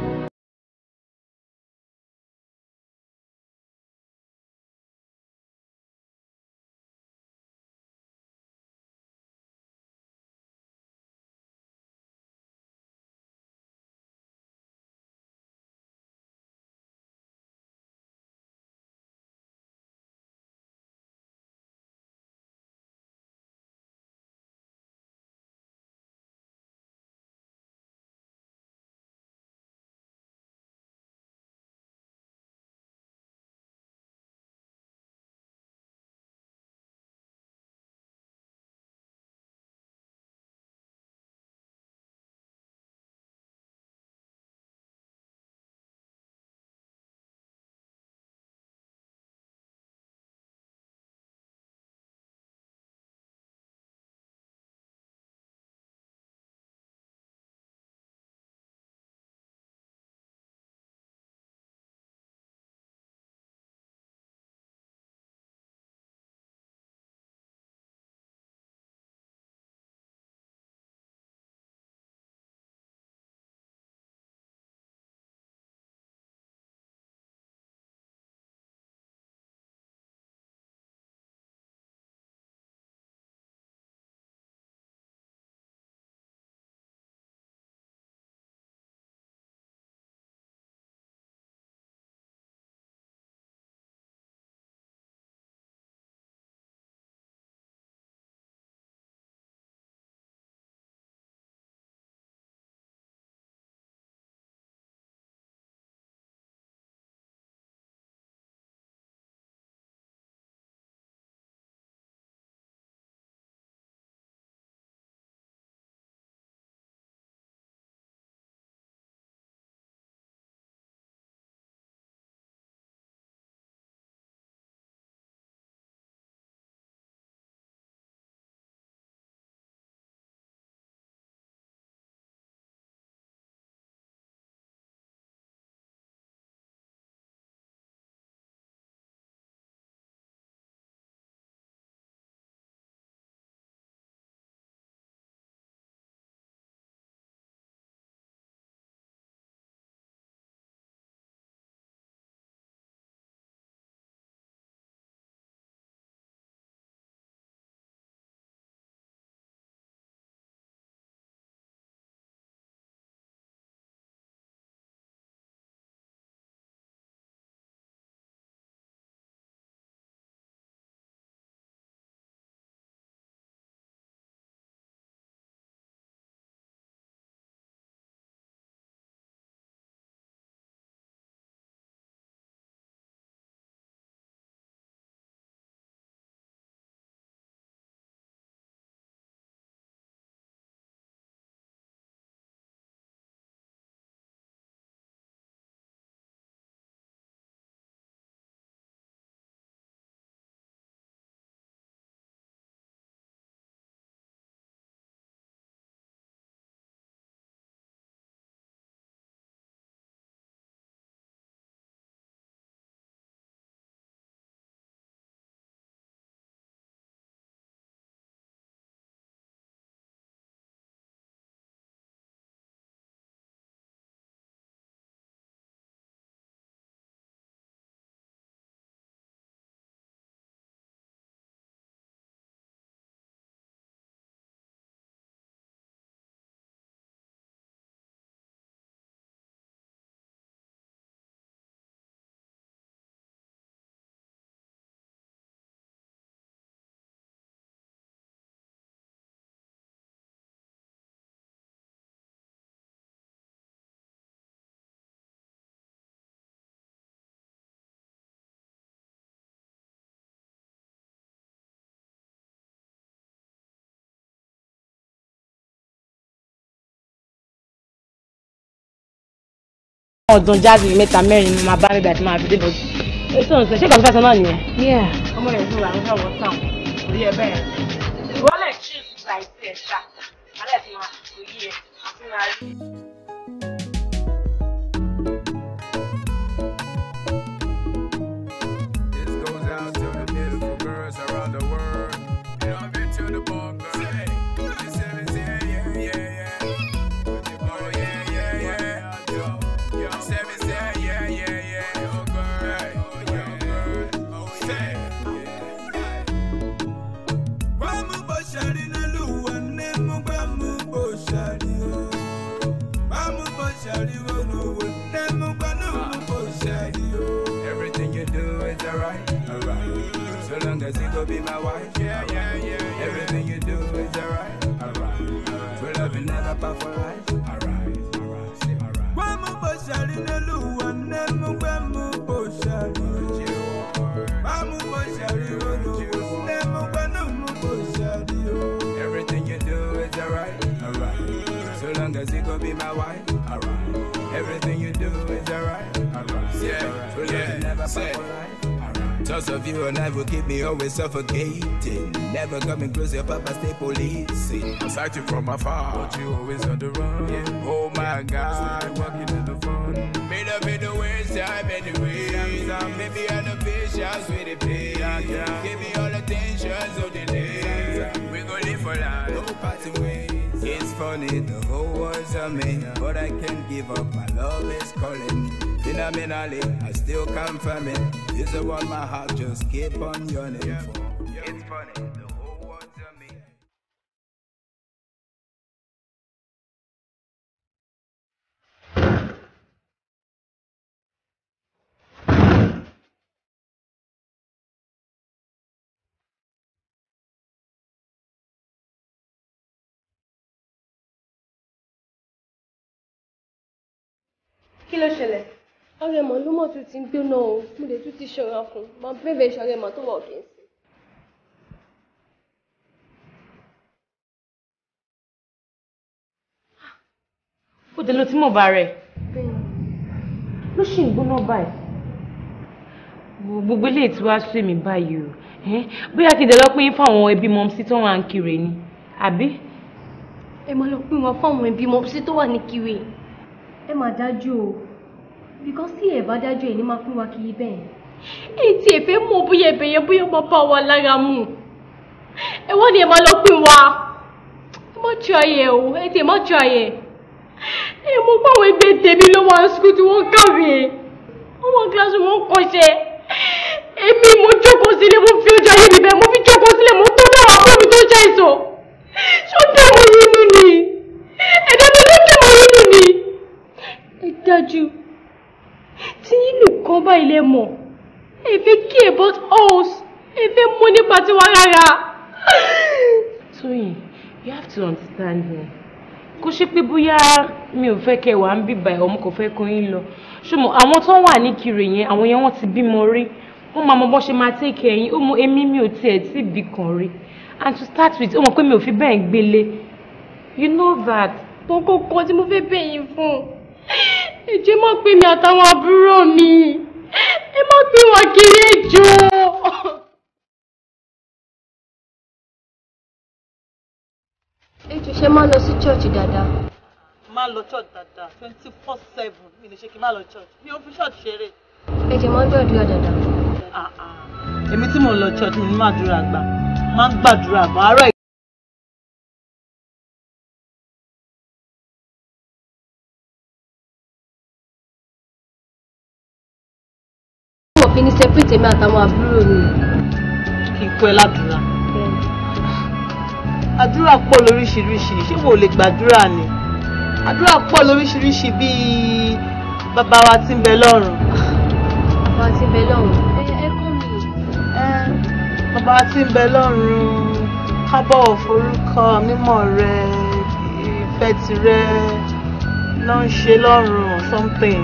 ọdún jáde mẹ́ta mẹ́rin máa bá rẹ̀ àti máa fi dé bọ́ ètò ọ̀sẹ̀ ṣé ìgbàgbọ́ fẹ́sán náà nìyẹn. ọmọ rẹ̀ fún àwọn ọ̀rọ̀ tán orí ẹ bẹ́ẹ̀ wọ́n lè ṣí ìgbà ìtẹ̀ ṣá alẹ́ ti máa kò yí ẹ àti máa rí. Cause you gon' be my wife. Yeah, yeah, yeah. Everything you do is alright. Alright. love and other part for life. Alright. Wamu nemu wamu Wamu nemu Everything you do is alright, alright So long as you gon' be my wife, alright Everything you do is alright, alright Yeah, yeah, yeah. Thoughts of you alive will keep me always suffocating. Never coming close, your papa stay policing. I sight you from afar, but you always on the run. Yeah. Oh my God, so walking in the fun. Made up in the worst time anyway. Maybe I'm the patience with the pain. Give me all the attention, so day. We gon' live for life, no passing ways. It's funny, the whole world's a man, but I can't give up. My love is calling. Phenomenally, I still confirm it. This is one my heart just keep on yearning yeah. for. Yeah. It's funny, the whole world's on me. Kilo Shelley. àrẹ̀mọ ló mọ̀ tún ti ń gbóná o mo lè tún ti ṣọ́ra fún un mo bẹ̀rẹ̀ ìṣọ̀rẹ́ mọ̀ tó wọ̀ kí n sí. ó dé ló tí mo bá rẹ̀ ló ṣì ń gbóná báyìí gbogbo eléyìí tí wàá sùn mí báyìí o bóyá kí n dẹ̀ lọ pín fáwọn ẹbí mọ́mísí tó wà ń kiri ni àbí. ẹ máa lọ pín wọn fáwọn ẹbí mọ́mísí tó wà ní kiri ẹ máa dájú o because tí ẹ bá dájọ́ ẹ ní máa pín wa kiri bẹ́ẹ̀ èyí tí ẹ fẹ́ mú bóyá ẹbẹ yẹn bóyá ọmọ bá wa lára mu ẹ wọ́n ní ẹ máa lọ pín wa ẹ má jọ ayẹ o ẹ tẹ má jọ ayẹ ẹ mú pàwọn ẹgbẹ́ tèmi lọ́wọ́ àsìkò tí wọ́n kàwé ọmọ kíláàsì wọn kọ́ṣẹ́ èmi mo jókòó sílẹ̀ mo fi ojú ayé mi bẹ́ẹ̀ mo fi jókòó sílẹ̀ mo tó bá wà fún mi tó ṣàìsàn tí nìkan bá ilé mọ̀ èfé kí about us èfé mọ nípa tiwa rárá. Tóyìn you have to understand me kó ṣe pé bóyá mi ò fẹ́ kẹ́ wàá ń bíbà ẹ̀ ọmọ kò fẹ́ kó yín lọ ṣùgbọ́n àwọn tó wà ní kiri yẹn àwọn yẹn wọ́n ti bímọ rí wọ́n máa mọ bó ṣe máa take care yín ó mú èmi mi ò tiẹ̀ tí bí and to start with ó mọ̀ pé mi ò fi bẹ́ẹ̀ gbélé you know that. mo kò kọ́ tí mo fẹ́ bẹ̀ yín fún ẹ jẹ́ má pè mí àtàwọn àbúrò mi ẹ má pè wá kiri ẹjọ́. ẹjọ́ ṣe máa lọ sí chọ́ọ̀chì dáadáa. máa lọ church dáadáa twenty four seven mi lè ṣe kí n má lọ church mi ò fi church ṣeré. ẹ jẹ́ máa ń gbàdúrà dáadáa. Ah, ah. èmi tí mo lọ church mi ni màá dúrà gbà máa ń gbàdúrà gbà àárọ̀ kọ́pì tèmi àtàwọn àbúrò mi. kì í kú ẹ ládùúrà. àdúrà pọ̀ lóríṣiríṣi ṣé wo lè gbàdúrà ni àdúrà pọ̀ lóríṣiríṣi bíi bàbá wa tí ń bẹ lọ́run. bàbá wa tí ń bẹ lọ́run. ẹ kọ́ mi. bàbá wa tí ń bẹ lọ́run kábọ̀wọ̀ forúkọ mímọ́ rẹ ìfẹ́ tirẹ̀ ló ń ṣe lọ́run something.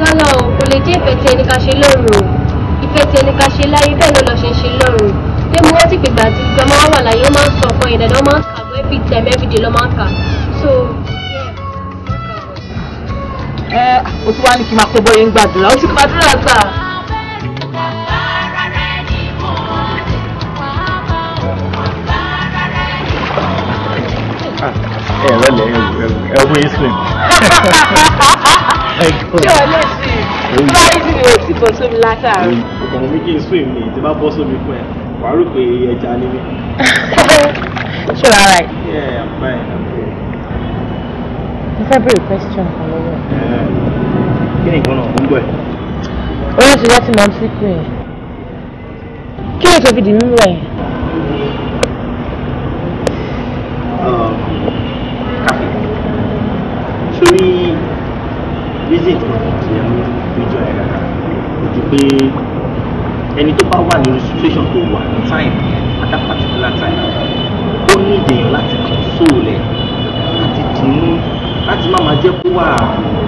lọ́nà kò lè jẹ́ ìfẹ́ tí ẹni ká ṣe lọ́run o ìfẹ́ tí ẹni ká ṣe láyé bẹ́ẹ̀ ló lọ ṣe ṣe lọ́run pé mo rántí pìgbà tí gbọmọ wà láyé ó máa ń sọ fún ẹ̀yìn dandan ó máa ń kà wọ́n every time every day ló máa ń kà so. ẹ o ti wá ní kí n máa pé bóyá ń gbàdúrà ó ti gbàdúrà gbà. ẹ ẹ lọlẹ ẹ ẹ ẹ wọ islam. ṣé o lè sọ báyìí ni o ti bọ́ sómi látàárọ̀. ọmọ mi kì í swim ni tí bá bọ́ sómi fún ẹ wàá rò pé ẹja ni mí. ṣé wàá rà yìí. yeah i'm fine i'm fine. mo fẹ́ béèrè question kan lọ́wọ́. kí ni ìgbọ́n náà ń bọ̀ ẹ́. olóòtú wọ́n ti máa ń fi pè é kí ni tó di mímú ẹ̀. pé ẹni tó bá wà lórí situation tó wà ní time at that particular time ó ní ìdèyàn láti console ẹ̀ láti dùnú láti má máa jẹ́ kó wà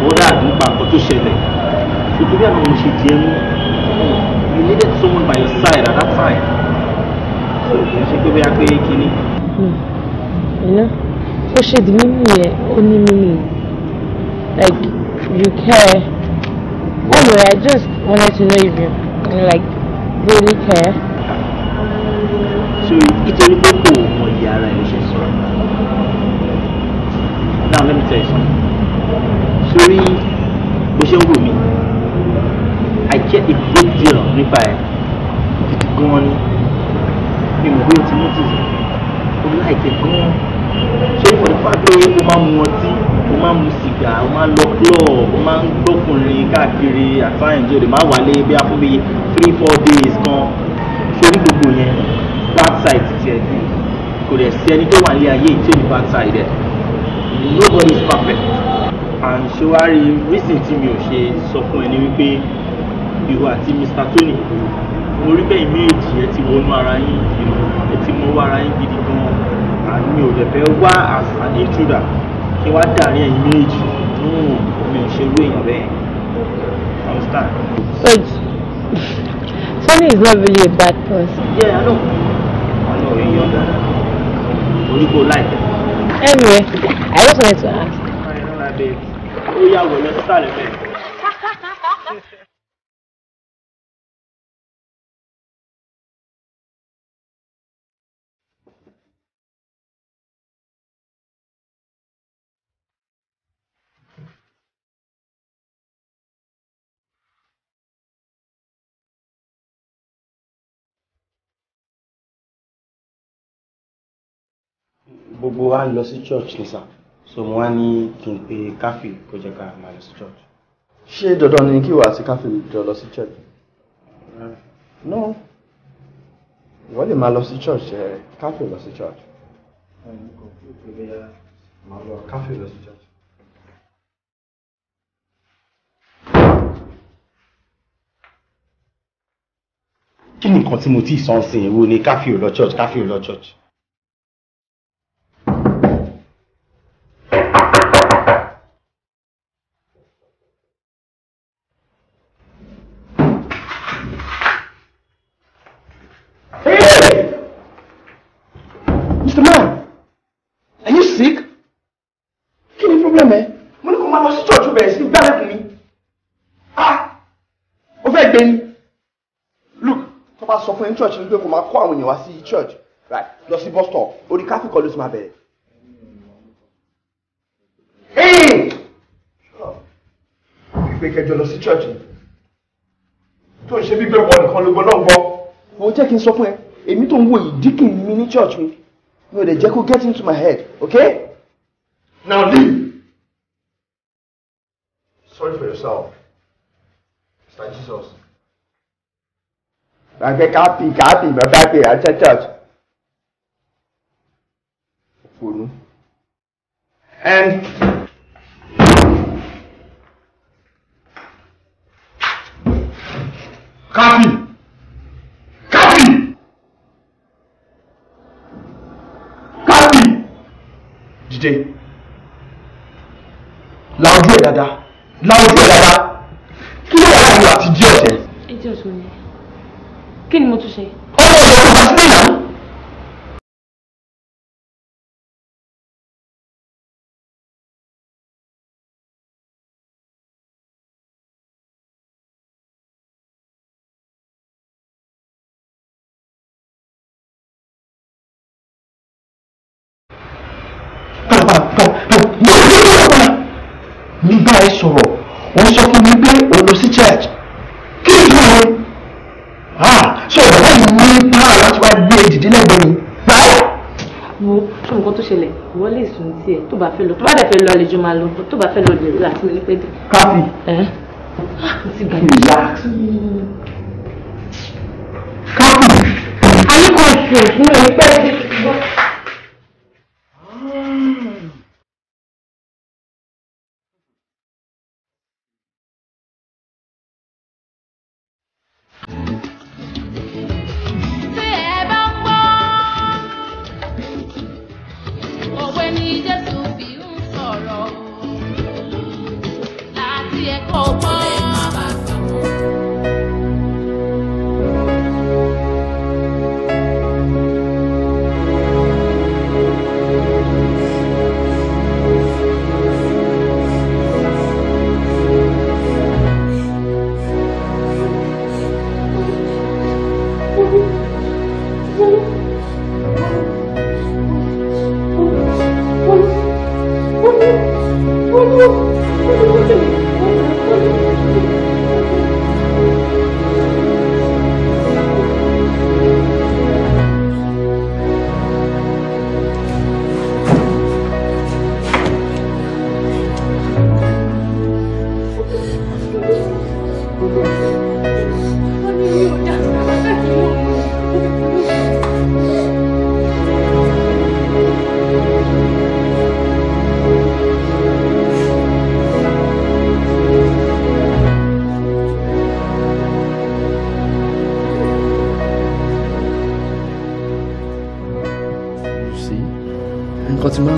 bọ́dà nípa nǹkan tó ṣẹlẹ̀ ṣùgbọ́n àwọn ohun ṣe di ẹnu you needed someone by your side at that time so kì í ṣe pé bóyá pé kínní. Hmm. ó ṣe di mímú yẹn ó ní mímú like you care. Anyway, I just wanted to know if you, like really care. So it's a little cool iye ara ẹ̀ ló ṣe Now let me tell you something. Sorry, bó ṣe ń wò I get a great deal nípa ẹ̀ gidi gan ni. Mi mọ̀ bí o ti mú tìsí. O láìpẹ́ gan. for the fact pé o máa ń o máa ń mu sìgá o máa ń lọ club o máa ń gbókùnrin káàkiri àtàyàn jẹ́ o wálé bí a fún mi three four days kan sórí gbogbo yẹn bad side ti ẹ̀ ní kò dẹ̀ sí ẹni tó wà ní ayé tí ò ní bad side ẹ̀ nobody is perfect and ṣé wàá rí reason tí mi ò ṣe sọ fún ẹ ní wípé ìwọ àti Mr. Tony mo bẹ́ẹ̀ méjì ẹ ti wọnú ara yín ẹ ti mọ́wọ́ ara yín gidi gan-an and ò dẹ̀ fẹ́ wá as an intruder kí wá dàrin ẹ̀yin méjì omi hmm, ò ṣe irú èèyàn bẹ́ẹ̀ understand. Sunny is not really a bad person. yeah i know i know he young guy origbo like. anyway i just wanted to ask. i don't like babe ó yà wọlé sálẹ̀ bẹ́ẹ̀. gbogbo wa lọ sí church ní sà so mo wá ní kí n pe káfí kó jẹ́ ká máa lọ sí church. ṣé dandan ni kí ìwà àti káfí jọ lọ sí church. no ìwọ lè máa lọ sí church ẹ káfí lọ sí church. káfí lọ sí church. kí ni nǹkan tí mo ti sọ ń sìn ìwo ni káfí ò lọ church káfí ò lọ church. bá sọ fún ẹ ní church ni pé kò máa kó àwọn èèyàn wá sí church right lọ sí bus stop orí káfí kan ló ti máa bẹ̀rẹ̀. ìpè kẹjọ lọ sí church ni tó ń ṣe bí pé wọ nìkan ló gbọ́ náà gbọ́. mo jẹ́ kí n sọ fún ẹ èmi tó ń wo ìdíkì mi ní church mi mi ò dẹ̀ jẹ́ kó get into my head okay. now leave. sorry for yourself. Mr. Jesus gbàgbé káàpì káàpì dáadáa la ojú dáadáa kí ló wà láàrin àti díẹ̀ tẹ̀. ẹ jẹ́ òṣùwọ̀n kí ni mo tún ṣe. ọmọ ìyá ọmọ sílẹ̀ náà. nígbà ẹ sọ̀rọ̀ wọ́n sọ wo ṣé nǹkan tó ṣẹlẹ̀ ìwọ lè sùn sí ẹ tó bá fẹ́ lọ tó bá dẹ̀ fẹ́ lọ àlejò máa lọ tó bá fẹ́ lọ lè rí àti mi ní pẹ́ẹ́dẹ́. káfí ti gbà mí. káfí. a ní kò sùn fún pẹ́ẹ́dẹ́.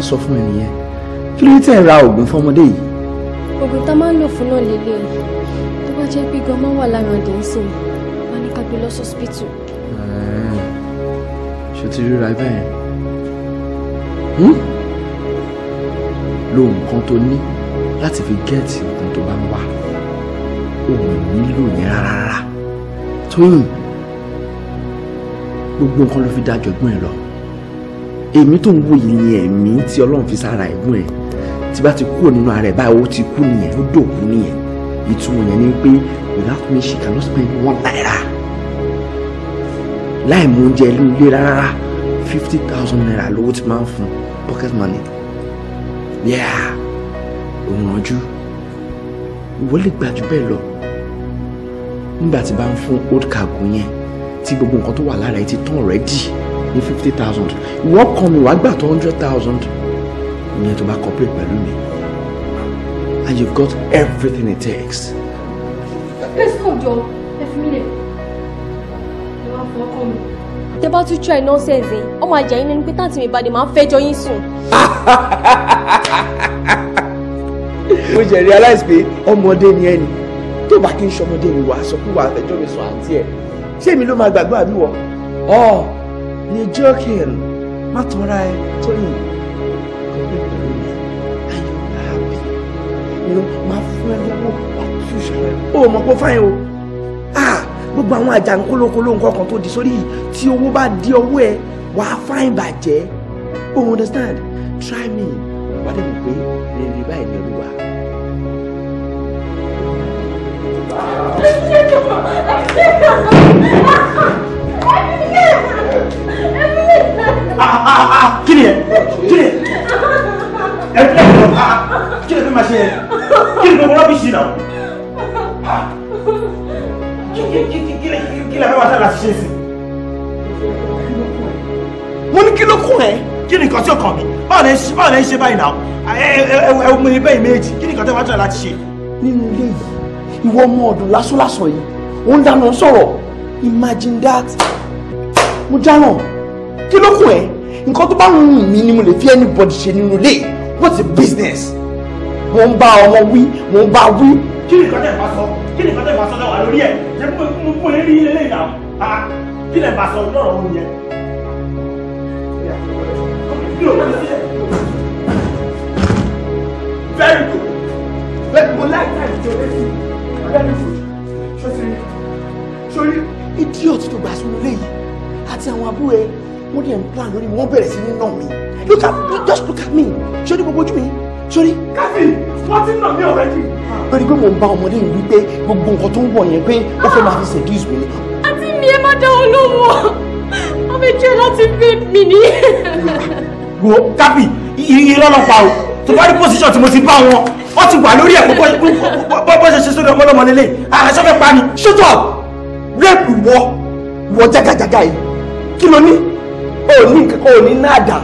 sọ fún mi nìyẹn kí ló tẹ̀ ń ra oògùn fọmọdé yìí. oògùn tá a máa ń lò fún náà lélẹ̀ tó bá jẹ́ pé gan-an wà lára ọ̀dẹ̀ ń sìn wọn ní ká gbé lọ sọ́sibítù. ṣé o ti ríra ẹ báyẹn hmm? lo nǹkan tó ní láti fi gẹ́ẹ̀tì oògùn tó bá ń wà òun nílò yẹn rárá tóyìn gbogbo nǹkan ló fi dájọ́ gbọ́n ẹ lọ èmi tó ń wò yìí ẹ̀mí tí ọlọ́run fi sára ẹ̀gún ẹ̀ tí bá ti kúrò nínú ara ẹ̀ báyìí ó ti kú nìyẹn ó dòkú nìyẹn ìtumọ̀ yẹn ni pé without me she cannot spend one naira láì mú oúnjẹ ilé rárá fifty thousand naira lówó ti máa ń fún pocket money yeah òun rànjú ìwọ lè gbà jù bẹ́ẹ̀ lọ nígbà tí bá ń fún old cargo yẹn tí gbogbo nǹkan tó wà lára ẹ ti tán already ní fifty thousand ìwọ kàn mí wàá gbà tó hundred thousand ìyẹn tó bá cooperate pẹ̀lú mi and you've got everything it takes. pẹ̀sìn òjò ẹ fi mí lẹ̀ ẹ máa fọ ọkọ mi. tẹ bá tún try nonsense yìí ọmọ àjà yín lẹni pé táǹtì mi ìbàdàn máa ń fẹjọ́ yín sùn. mo jẹ realize pé ọmọdé ni ẹni tó bá kí n ṣọmọdé mi wà sọ fún wa àfẹjọ́ mi sùn àǹtí ẹ̀ ṣé èmi ló máa gbàgbọ́ àbí wọ. You're joking. That's what I told you. Complete the room. And you're happy. You know, my friend, you know, oh, my profile. Ah, gbogbo àwọn àjàǹkólókóló nǹkan kan tó di sórí yìí tí owó bá di ọwọ́ ẹ wàá fáìn bàjẹ́ oh understand try me wàá dẹ̀ mọ̀ pé rere báyìí ni olúwa. Let's take him! Let's take him! kí ni ẹ kí ni ẹ ẹ bí ẹ kí ni ẹ fẹ́ máa ṣe ẹ kí ni gbogbo rọ́bìṣì náà kí ni kí ni kí ni ẹ fẹ́ máa ṣe àṣìṣe sí. mo ní kí ló kún ẹ kí ni nǹkan tí ó kàn nínú ilé yìí ìwọ ọmọ ọdún lásánlásán yìí ó ń dáná sọ̀rọ̀ imagine that mo dáràn kí ló kù ẹ́ nǹkan tó bá ń rún mi ni mo lè fi anybody ṣe nínú ilé what's the business mo ń bá ọmọ wí mo ń bá wí. kí ni kọ́tẹ́ ìbá sọ kí ni kọ́tẹ́ ìbá sọ náà wà lórí ẹ̀ ṣé mo mú ẹ rí ilé náà kí ni ìbá sọ lọ́rọ̀ òun yẹn. very good very good like that ìjọ lẹ́sìn very good ṣọ́sẹ̀ ṣọ́rí idiot tó gbà sínú lẹ́yìn àti àwọn àbúrò ẹ wọ́n dẹ̀ ń plan lórí wọ́n bẹ̀rẹ̀ sí ní nà mí look at me just look at me sori gbogbo ojú mi sori. káfíń wọ́n ti nà mí already. lórí pé mo ń bá ọmọdé yìí wípé gbogbo nǹkan tó ń wọ̀ yẹn pé ó fẹ́ máa fi seduce mi ni. àti mi ẹ má dá wọn lóhùn ọ wọn fi jẹ láti fi mí ní. wo káfíń irọ́ lọ pa o tó bá rí pòsíṣọ̀ tí mo ti bá wọn wọ́n ti wà lórí ẹ̀ púpọ̀ bó ṣe ṣe sórí ọmọlọ́mọ lélẹ̀ àṣọ fẹ́ pa ni shut up rape wọ wọ jágàjágà yìí kí ló ní ò ní nǹkan ò ní náàdà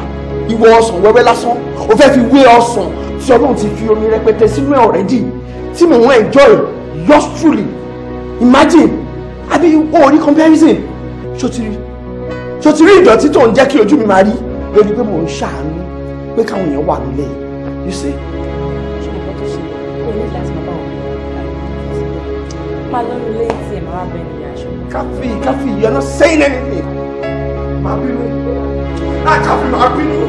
ìwọ ọsàn wẹ́wẹ́ lásán o fẹ́ fi wé ọsàn tí ọlọ́run ti fi omi rẹpẹtẹ sínú ẹ̀ ọ̀rẹ́dì tí mò ń enjoy yours truly imagine àbí o rí comparison ṣòtìrí ṣòtìrí ìdọ̀tí tó ń jẹ́ kí ojú mi máa rí lórí pé mò ń ṣàánú pé káwọn èèyàn wà nílé you see. Káfí, Káfí, you're not saying anything máa bínú lájàfi máa bínú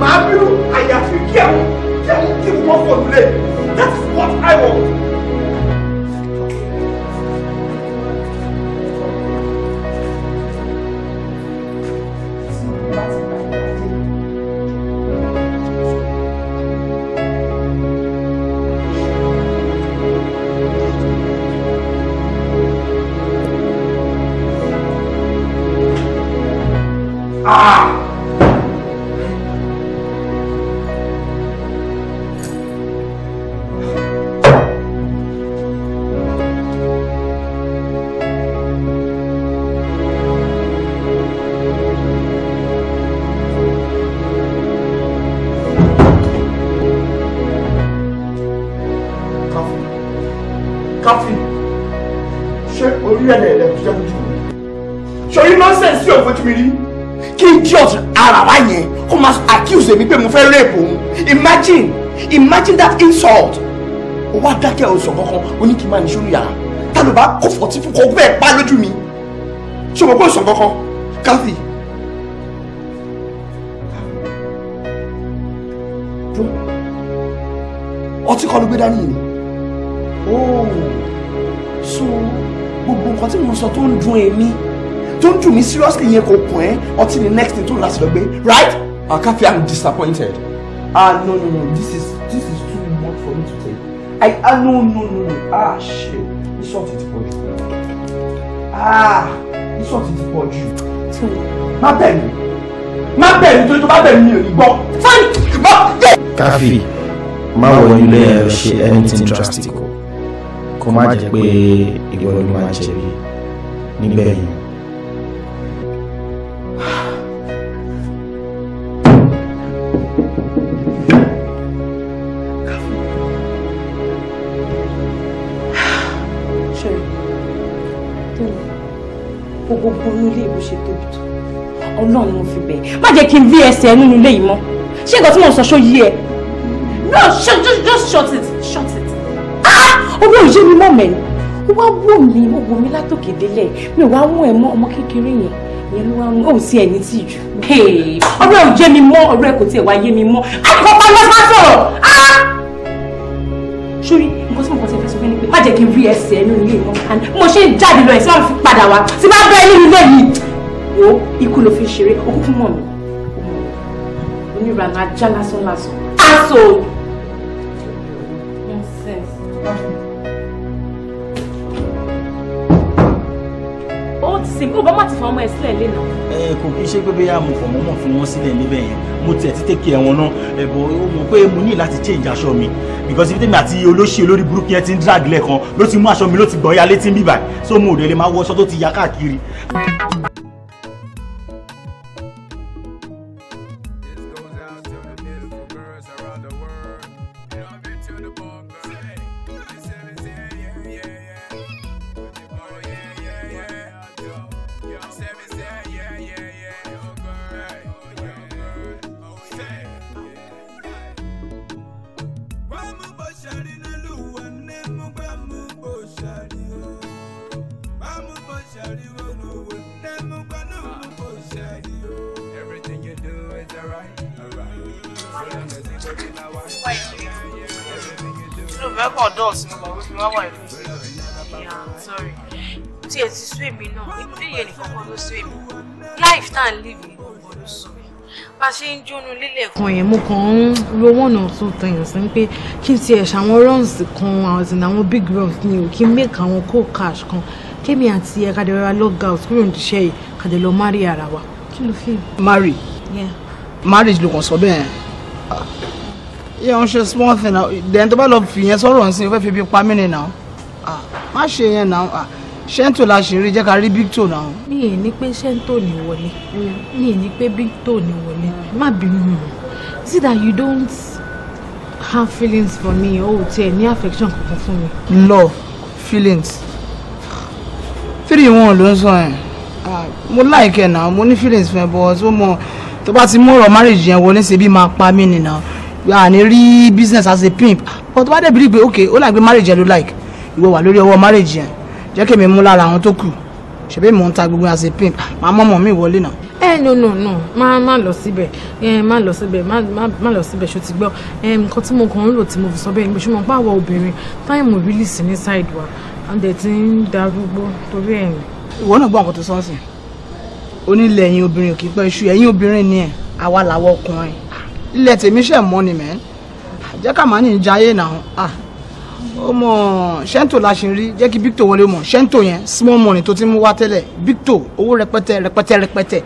máa bínú àyàfi kí ẹ̀wọ̀n kí ẹ̀wọ̀n kí wọ́n fọ̀ nílé that is what I want. kí ẹ ò sọ kankan o ní kí n máa níṣó ní yàrá tá ló bá kó fọtí fún kọ bẹ́ẹ̀ pa lójú mi ṣé o mọ̀ pé ò sọ kankan káfí. ọtí kọ́ ló gbé dání ni ooo so gbogbo nǹkan tí mo sọ tó ń dùn èmi tó ń dùn mí seriously yẹn kò kàn ẹ́ ọtí ni next thing tó ń láti lọ gbé right. akafi ah, i'm disappointed ah no no no this is this is too much for me to take. I, ah no, no, no, no. Ah, shit. Insult ti pọ̀ jù. Ah, this ti pọ̀ jù. you. bẹ̀ mí. Má bẹ̀ mí torí tó bá bẹ̀ mí mi ò ní gbọ́. Fáàní, gbọ́. Káfí, má wọ ilé ẹ anything drastic o. Kó má jẹ́ pé ìwọ ló máa jẹ̀bi nígbẹ̀yìn. ilé ìbò ṣe tóbi tó ọlọ́run ni mo fi bẹ̀ má jẹ́ kí n rí ẹsẹ̀ nínú ilé yìí mọ́ ṣé nǹkan tí mo sọ ṣó ẹ no just just shut it shut it ah owó òye mi mọ̀ mẹ́ni ó wá wò mí ó wò mí látòkè délẹ̀ mi ò wá mú ẹ mọ́ ọmọ kékeré yẹn ìyẹn ló wá mú òun sí ẹni tí jù ọ̀rẹ́ ò jẹ́ mi mọ́ ọ̀rẹ́ kò tiẹ̀ wá yé mi mọ́ àìkọ́pá lọ́sọ̀rọ̀. jẹ́ kí n rí ẹsẹ̀ ẹnu ilé mọ́ mo ṣe ń jáde lọ ẹ̀ sí wọn fi padà wá tí bá bẹ́ẹ̀ nínú ilé yìí wo ikú ló fi ṣeré okú fún mọ̀ mi onírànà ajá lásán lásán kò bá má ti fọ ọmọ ẹ sílẹ̀ lé náà. ẹ kò kí n ṣe pé bóyá mo fọmọ mọ fún wọn sílẹ̀ níbẹ̀ yẹn mo tiẹ̀ ti tẹkẹ wọn náà ẹ bọ ó mọ pé mo ní láti change aṣọ mi because ibi tèmi àti olóṣèlú olórí burúkú yẹn ti ń drag lẹ́ẹ̀kan ló ti mú aṣọ mi ló ti gbọ́ ya létí bíbà so mo ò dẹ̀ lè máa wọ aṣọ tó ti ya káàkiri. sùn bá ṣe ń jónú lílẹ̀ kan yẹn mo kàn ń ro one or two things pé kí n ti ẹ̀ ṣàwọn runs kan àwọn ìsìn àwọn big runs ni o kí n make àwọn cold cash kan kémi àti ẹ̀ kàdé rọra log out kúrò ní iṣẹ́ yìí kàdé lọ marry ara wa kí ló fi. marry marriage ló kàn sọ bẹ́ẹ̀ yẹn ń ṣe small thing na then tó bá lọ fìyẹn sọ̀rọ̀ nsìn o fẹ́ fi bí pa mí ni na ah, má ṣe yẹn na ṣẹ́ńtò la ṣe rí jẹ́ ká rí bíktò náà. mi ì ní pé ṣẹ́ńtò ní wọlé mi ì ní pé bíktò ní wọlé má bínú mi is that you don't have feelings for me o ò tiẹ̀ ní affection kankan fún mi. lọ feelings three one ló ń sọ ah, ẹ mo láìkẹ náà mo ní feelings fún ẹ bọ tó mọ tó bá ti mú ọ̀rọ̀ marriage yẹn wọlé ṣe bí máa pa mí nìyẹn à ní rí business as a pimp but tó bá dẹ̀ bí rí pé ok ó láì pé marriage yẹn ló like ìwọ wà lórí ọwọ́ marriage yẹn jẹ́ kí èmi mú lára àwọn tó kù ṣebí mò ń ta gbogbo àṣẹ pimp màá mọ́ mọ́ mi wọlé náà. ẹ no no no má má lọ síbẹ̀ ẹ má lọ síbẹ̀ má lọ síbẹ̀ ṣó ti gbọ́ ẹ nǹkan tí mo kàn ń rò tí mo fi sọ bẹ́ẹ̀ ni pé ṣùgbọ́n pàwọ̀ obìnrin táìmù rílì sí ní ṣáìdì wa àǹdẹ̀ ti ń darúgbó torí ẹ̀yìn. ìwọ náà gbọ́ nǹkan tó sọ́ọ̀sì onílẹ̀ ẹ̀yin obìnrin kì í pẹ́ iṣu ẹ̀yin obìnrin ni ẹ̀ àwa làwọ̀ ọkùnrin ilẹ̀ tèmi ṣẹ̀ mọ́ ni mẹ́ jẹ́ ká má ní ọmọ ṣẹ́ńtò la ṣe ń rí jẹ́ kí Victor wọlé mọ̀ ṣẹ́ńtò yẹn small money tó ti mú wá tẹ́lẹ̀ Victor owó rẹpẹtẹ rẹpẹtẹ rẹpẹtẹ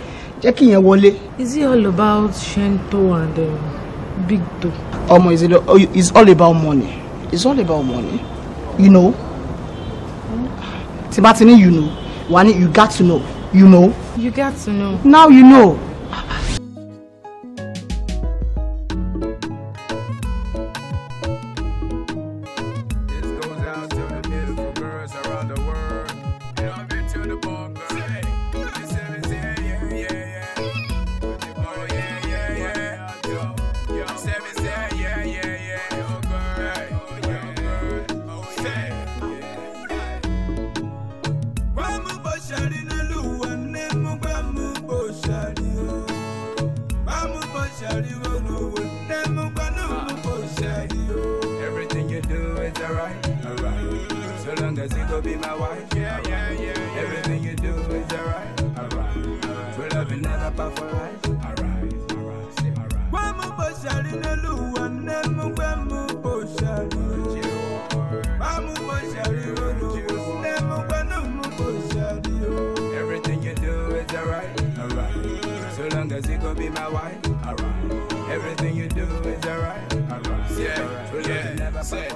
jẹ́ kí yẹn wọlé. Is it all about ṣẹ́ńtò and uh, Victor. ọmọ is it oh, is all about money is all about money you know tí bá ti ní you know wà ní you got to know you know. you got to know. now you know. long as you go be my wife, alright. Everything you do is alright, alright. Yeah, yeah, yeah. never say.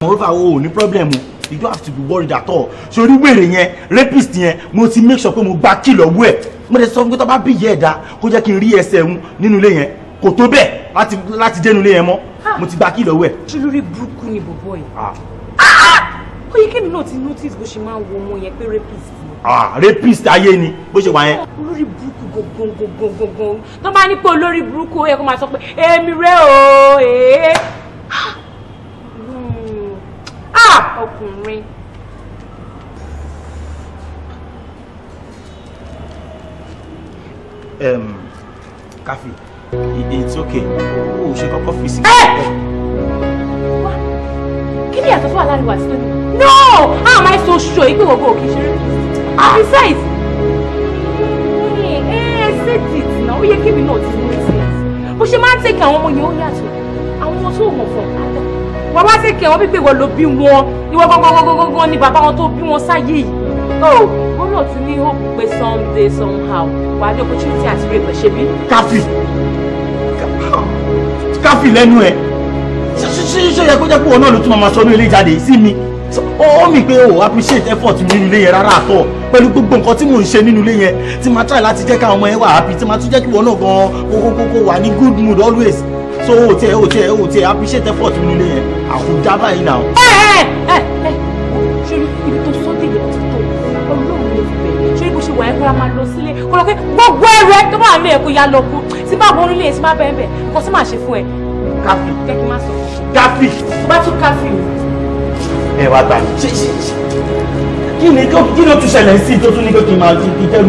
moreover o ní problem you don't have to be worried at all sori wèrè yẹn rapist yẹn mo ti make sure pé mo gba kí lọ́wọ́ ẹ̀ mo lè sọ fún pé tó bá bí ìyá ẹ̀ dá kó jẹ́ kí n rí ẹsẹ̀ ń nínú ilé yẹn kò tó bẹ́ẹ̀ láti dénú ilé yẹn mọ́ ah. mo ti gba kí lọ́wọ́ ẹ̀. ṣé lórí burúkú ni bọ̀bọ̀ yìí ah. Ah, ó kí èmi náà ti notice bó ṣe máa ń wo ọmọ yẹn pé rapist Ah, rapist ayé ni bó ṣe wà yẹn. olórí burúkú gọ̀gọ̀gọ̀gọ̀gọ̀ tó bá ní pé olórí burúkú ó yẹ kó máa sọ pé èmi rẹ o èé hmm. ah, ọkùnrin. káfí it's okay o ṣe kọ́kọ́ fi sí. kí ni ìyàtọ̀ tó wà láàrin wa no how am I so sure ìgbéwọ̀gbọ̀ òkè ṣe rí Ah. and besides accept it Now you na ó yẹ kémi náà ti mú ti bó ṣe máa ń tẹ̀kẹ̀ àwọn ọmọ yẹn ó yàtọ̀ àwọn ọmọ tó wọ̀ fún ọ̀tá wọ́n bá tẹ̀kẹ̀ wọn pípé wọ́n ló bí wọn ìwọ gangan ni bàbá wọn tó bí wọn sáyé yìí tó wọn náà ti ní hope pé someday somehow wà á dé opportunity àti rí ẹ̀kọ́ ṣe bí. káfí káfí lẹ́nu ẹ̀ ṣe yẹ kó jẹ́ pé òun náà ló tún máa sọ ní ilé jáde sí mi ó mì pé o appreciate effort mi nílé yẹn rárá àtọ̀ pẹ̀lú gbogbo nǹkan tí mò ń ṣe nínú ilé yẹn tí máa try láti jẹ́ káwọn ọmọ yẹn wà happy tí máa tún jẹ́ kí wọ́n náà gan kókókókó wà ní good mood always so o tiẹ̀ o tiẹ̀ o tiẹ̀ appreciate effort nínú ilé yẹn àkójá báyìí náà. ẹ ẹ ẹ ṣe ibi tó sọ́dẹ̀ yẹn ti tó ọlọ́run ló fi bẹ̀rẹ̀ ṣe bó ṣe wà ẹ́ kóra máa lọ sílé kó lọ pé gbogbo ẹrù ẹ tó máa lé ẹ̀kọ́ ya lọ kú tí bá àwọn orílẹ̀ èsì máa bẹ́ẹ̀ bẹ́ẹ̀ kó sì máa ṣe fún ẹ. káfí káfí tó bá tún káfí. ẹ wá gbà mí kí ni kí ni ó tún ṣẹlẹ̀ sí tó tún ní kí n máa fi kí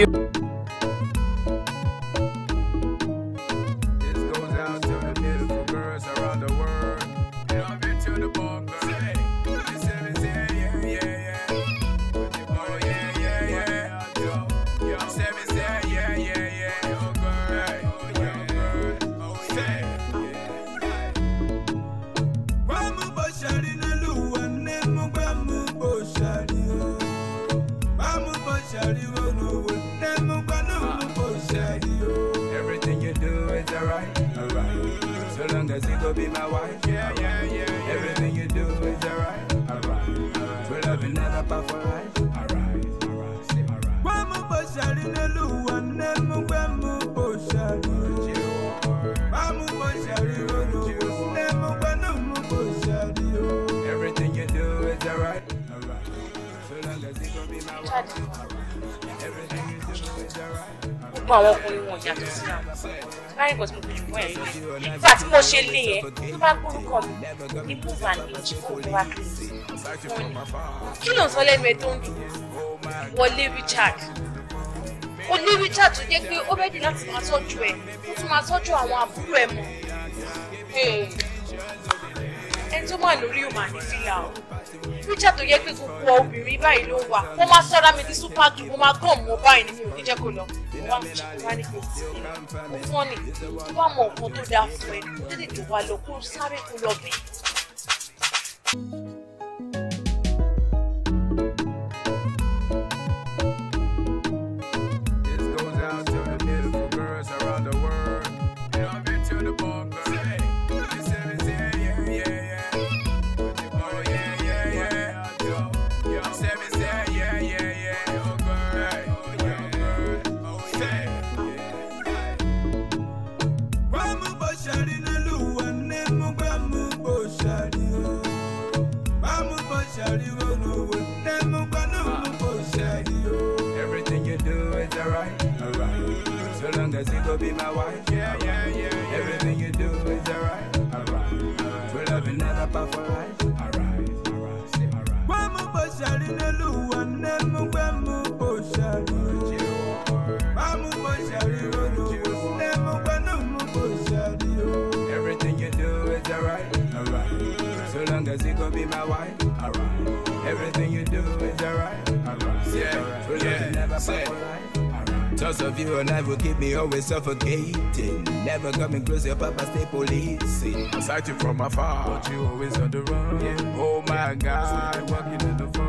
mi. àbí. wọ́n mú bọ̀ṣàrí nílùú wọn ní mú gbé mú bọ̀ṣàrí. wọ́n mú bọ̀ṣàrí ròdò ní mú gbé nù mú bọ̀ṣàrí o. everything you do is alright. so long as you go be my wife. everything you do is alright. gbogbo àwọn ọkùnrin wọn yàtọ̀ síra báyìí kò tí mo fi fún ẹ nígbà tí mo ṣe lé ẹ e, tó bá gbórúkọ mi ibú van age fún wa kí ló ń sọ lẹ́nu ẹ tó ń dùn wọlé Richard olé Richard tó jẹ́ pé ó bẹ́ẹ̀ láti máa tọ́jú ẹ ó tún máa tọ́jú àwọn àbúrò ẹ mọ̀ ẹni tó wà lórí òmà ní fìlà o fíjà tó yẹ pé gbogbo obìnrin báyìí ló wà mo máa sọ́ra mi di super ju mo máa gàn mọ́ báyìí ni mi ò ní jẹ́ kó lọ mo wá mọ̀ ṣe wá ní gbèsè ó fọ́n tó bá mọ nǹkan tó dáa fún ẹ ó tètè tó wà lọ kó sáré kó lọ bí. Everything you do is alright, alright. So long as you go be my wife, alright. Everything you do is alright, alright. Yeah, alright. yeah, never say. Thoughts of you and I will keep me always suffocating. Never coming close, your papa stay police. I sight you from afar, but you always on the run. Yeah. Oh my God, walking in the fog.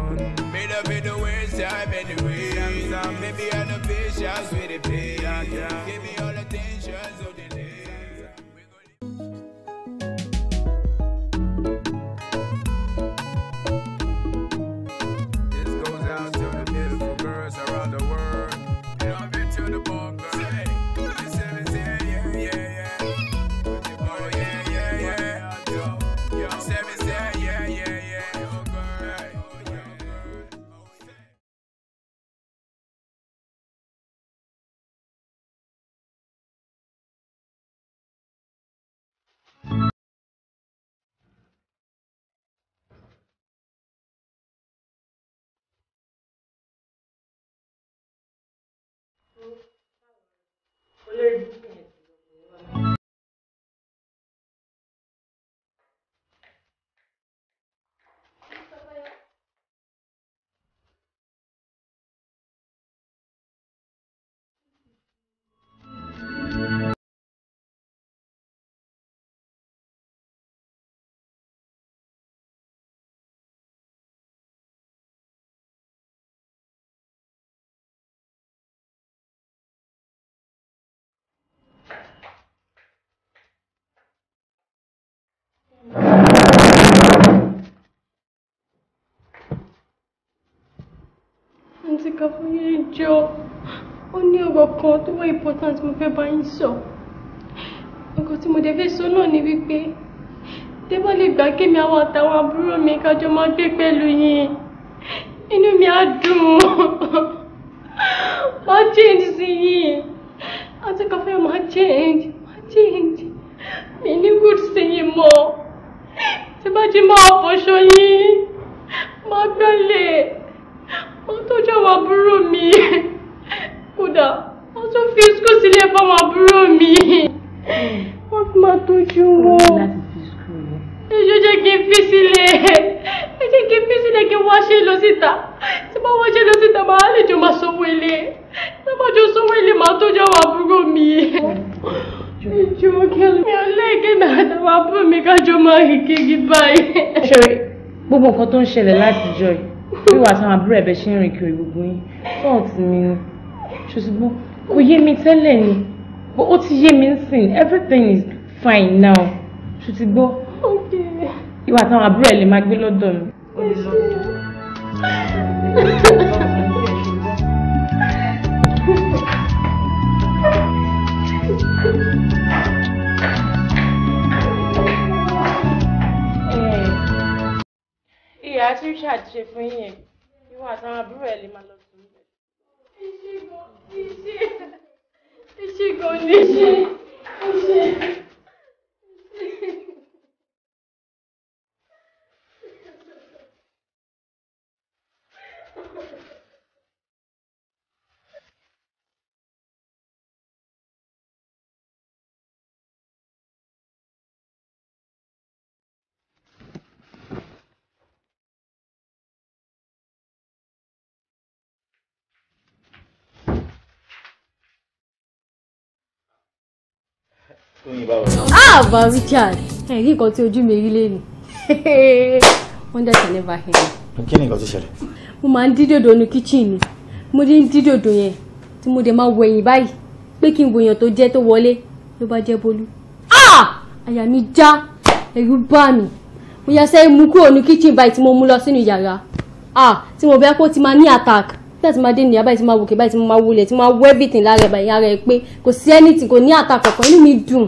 Made up in the waste time anyway. Maybe I'm the patience with the pain. Give me all big jọ ó ní ọ̀rọ̀ kan tó wá important mo fẹ́ bá yín sọ nǹkan tí mo dẹ̀ fẹ́ sọ náà ni wípé tẹ́ bá lè gbà kémi àwọn àtàwọn àbúrò mi kájọ máa gbé pẹ̀lú yín inú mi á dùn máa change sí yín àti kọfẹ́ máa change máa change mi ní good sí yín mọ́ tí bá ti máa fọṣọ yín máa gbálẹ̀ ohun tó jẹ́ wà búrò mi kódà wọ́n tún fi skul sílẹ̀ fáwọn àbúrò mi wọ́n fi máa tọ́jú wọn ẹjọ́ jẹ́ kí n fi sílẹ̀ ẹ jẹ́ kí n fi sílẹ̀ kí n wá ṣe lọ síta tí mo wá ṣe lọ síta máa lè jọ máa sanwó ilé tí mo jọ sanwó ilé máa tọ́jú àwọn àbúrò mi ẹjọ́ kẹlẹ́ mi ò lẹ́ẹ̀kẹ́ mi àtàwọn àbúrò mi kájọ máa kiri báyìí. ṣe gbogbo nǹkan tó ń ṣẹlẹ̀ láti jọ yìí bí wàá sáwọn àbúrò ẹ̀bẹ̀ ṣe ń rìn kiri gbogbo yín fọ́ọ̀tì mi ni ṣùgbọ́n kò yé mi tẹ́lẹ̀ ni but ó ti yé mi nsìn everything is fine now ṣùtì gbọ́ ìwà táwọn àbúrò ẹ̀ lè máa gbé lọ́dọ̀ mi. ìyá tí Richard ṣe fún yín yẹn ìwọ àtàwọn àbúrò ẹ lè máa lọ sùn bẹ́ẹ̀. ìṣègùn ìṣègùn ìṣègùn ní ìṣègùn. ah Richard Hey, you got tí ojú mi rí lẹ́nu wọ́n dẹ̀ tẹ̀lé bá hẹ́n. kí ni nǹkan tó ṣẹlẹ̀. mo máa ń dídòdò nu kíchìn ni mo dé ń dídòdò yẹn tí mo dé máa wọ ẹ̀yìn báyìí pé to n wòyàn tó jẹ́ tó wọlé ló bá jẹ́ Bólú. Ah! àyà mi já ẹ̀rù bà mí mo yà sẹ́yìn mú kúrò nu kíchìn báyìí tí mo mú lọ sínú yàrá ah! tí mo bẹ́ kó attack nígbà tí máa dé nìyá báyìí tí máa wòkè báyìí tí máa wulẹ̀ tí máa wọ everything lára ẹ̀ báyìí ara ẹ̀ pé kò sí anything kò ní àtà kankan inú mi dùn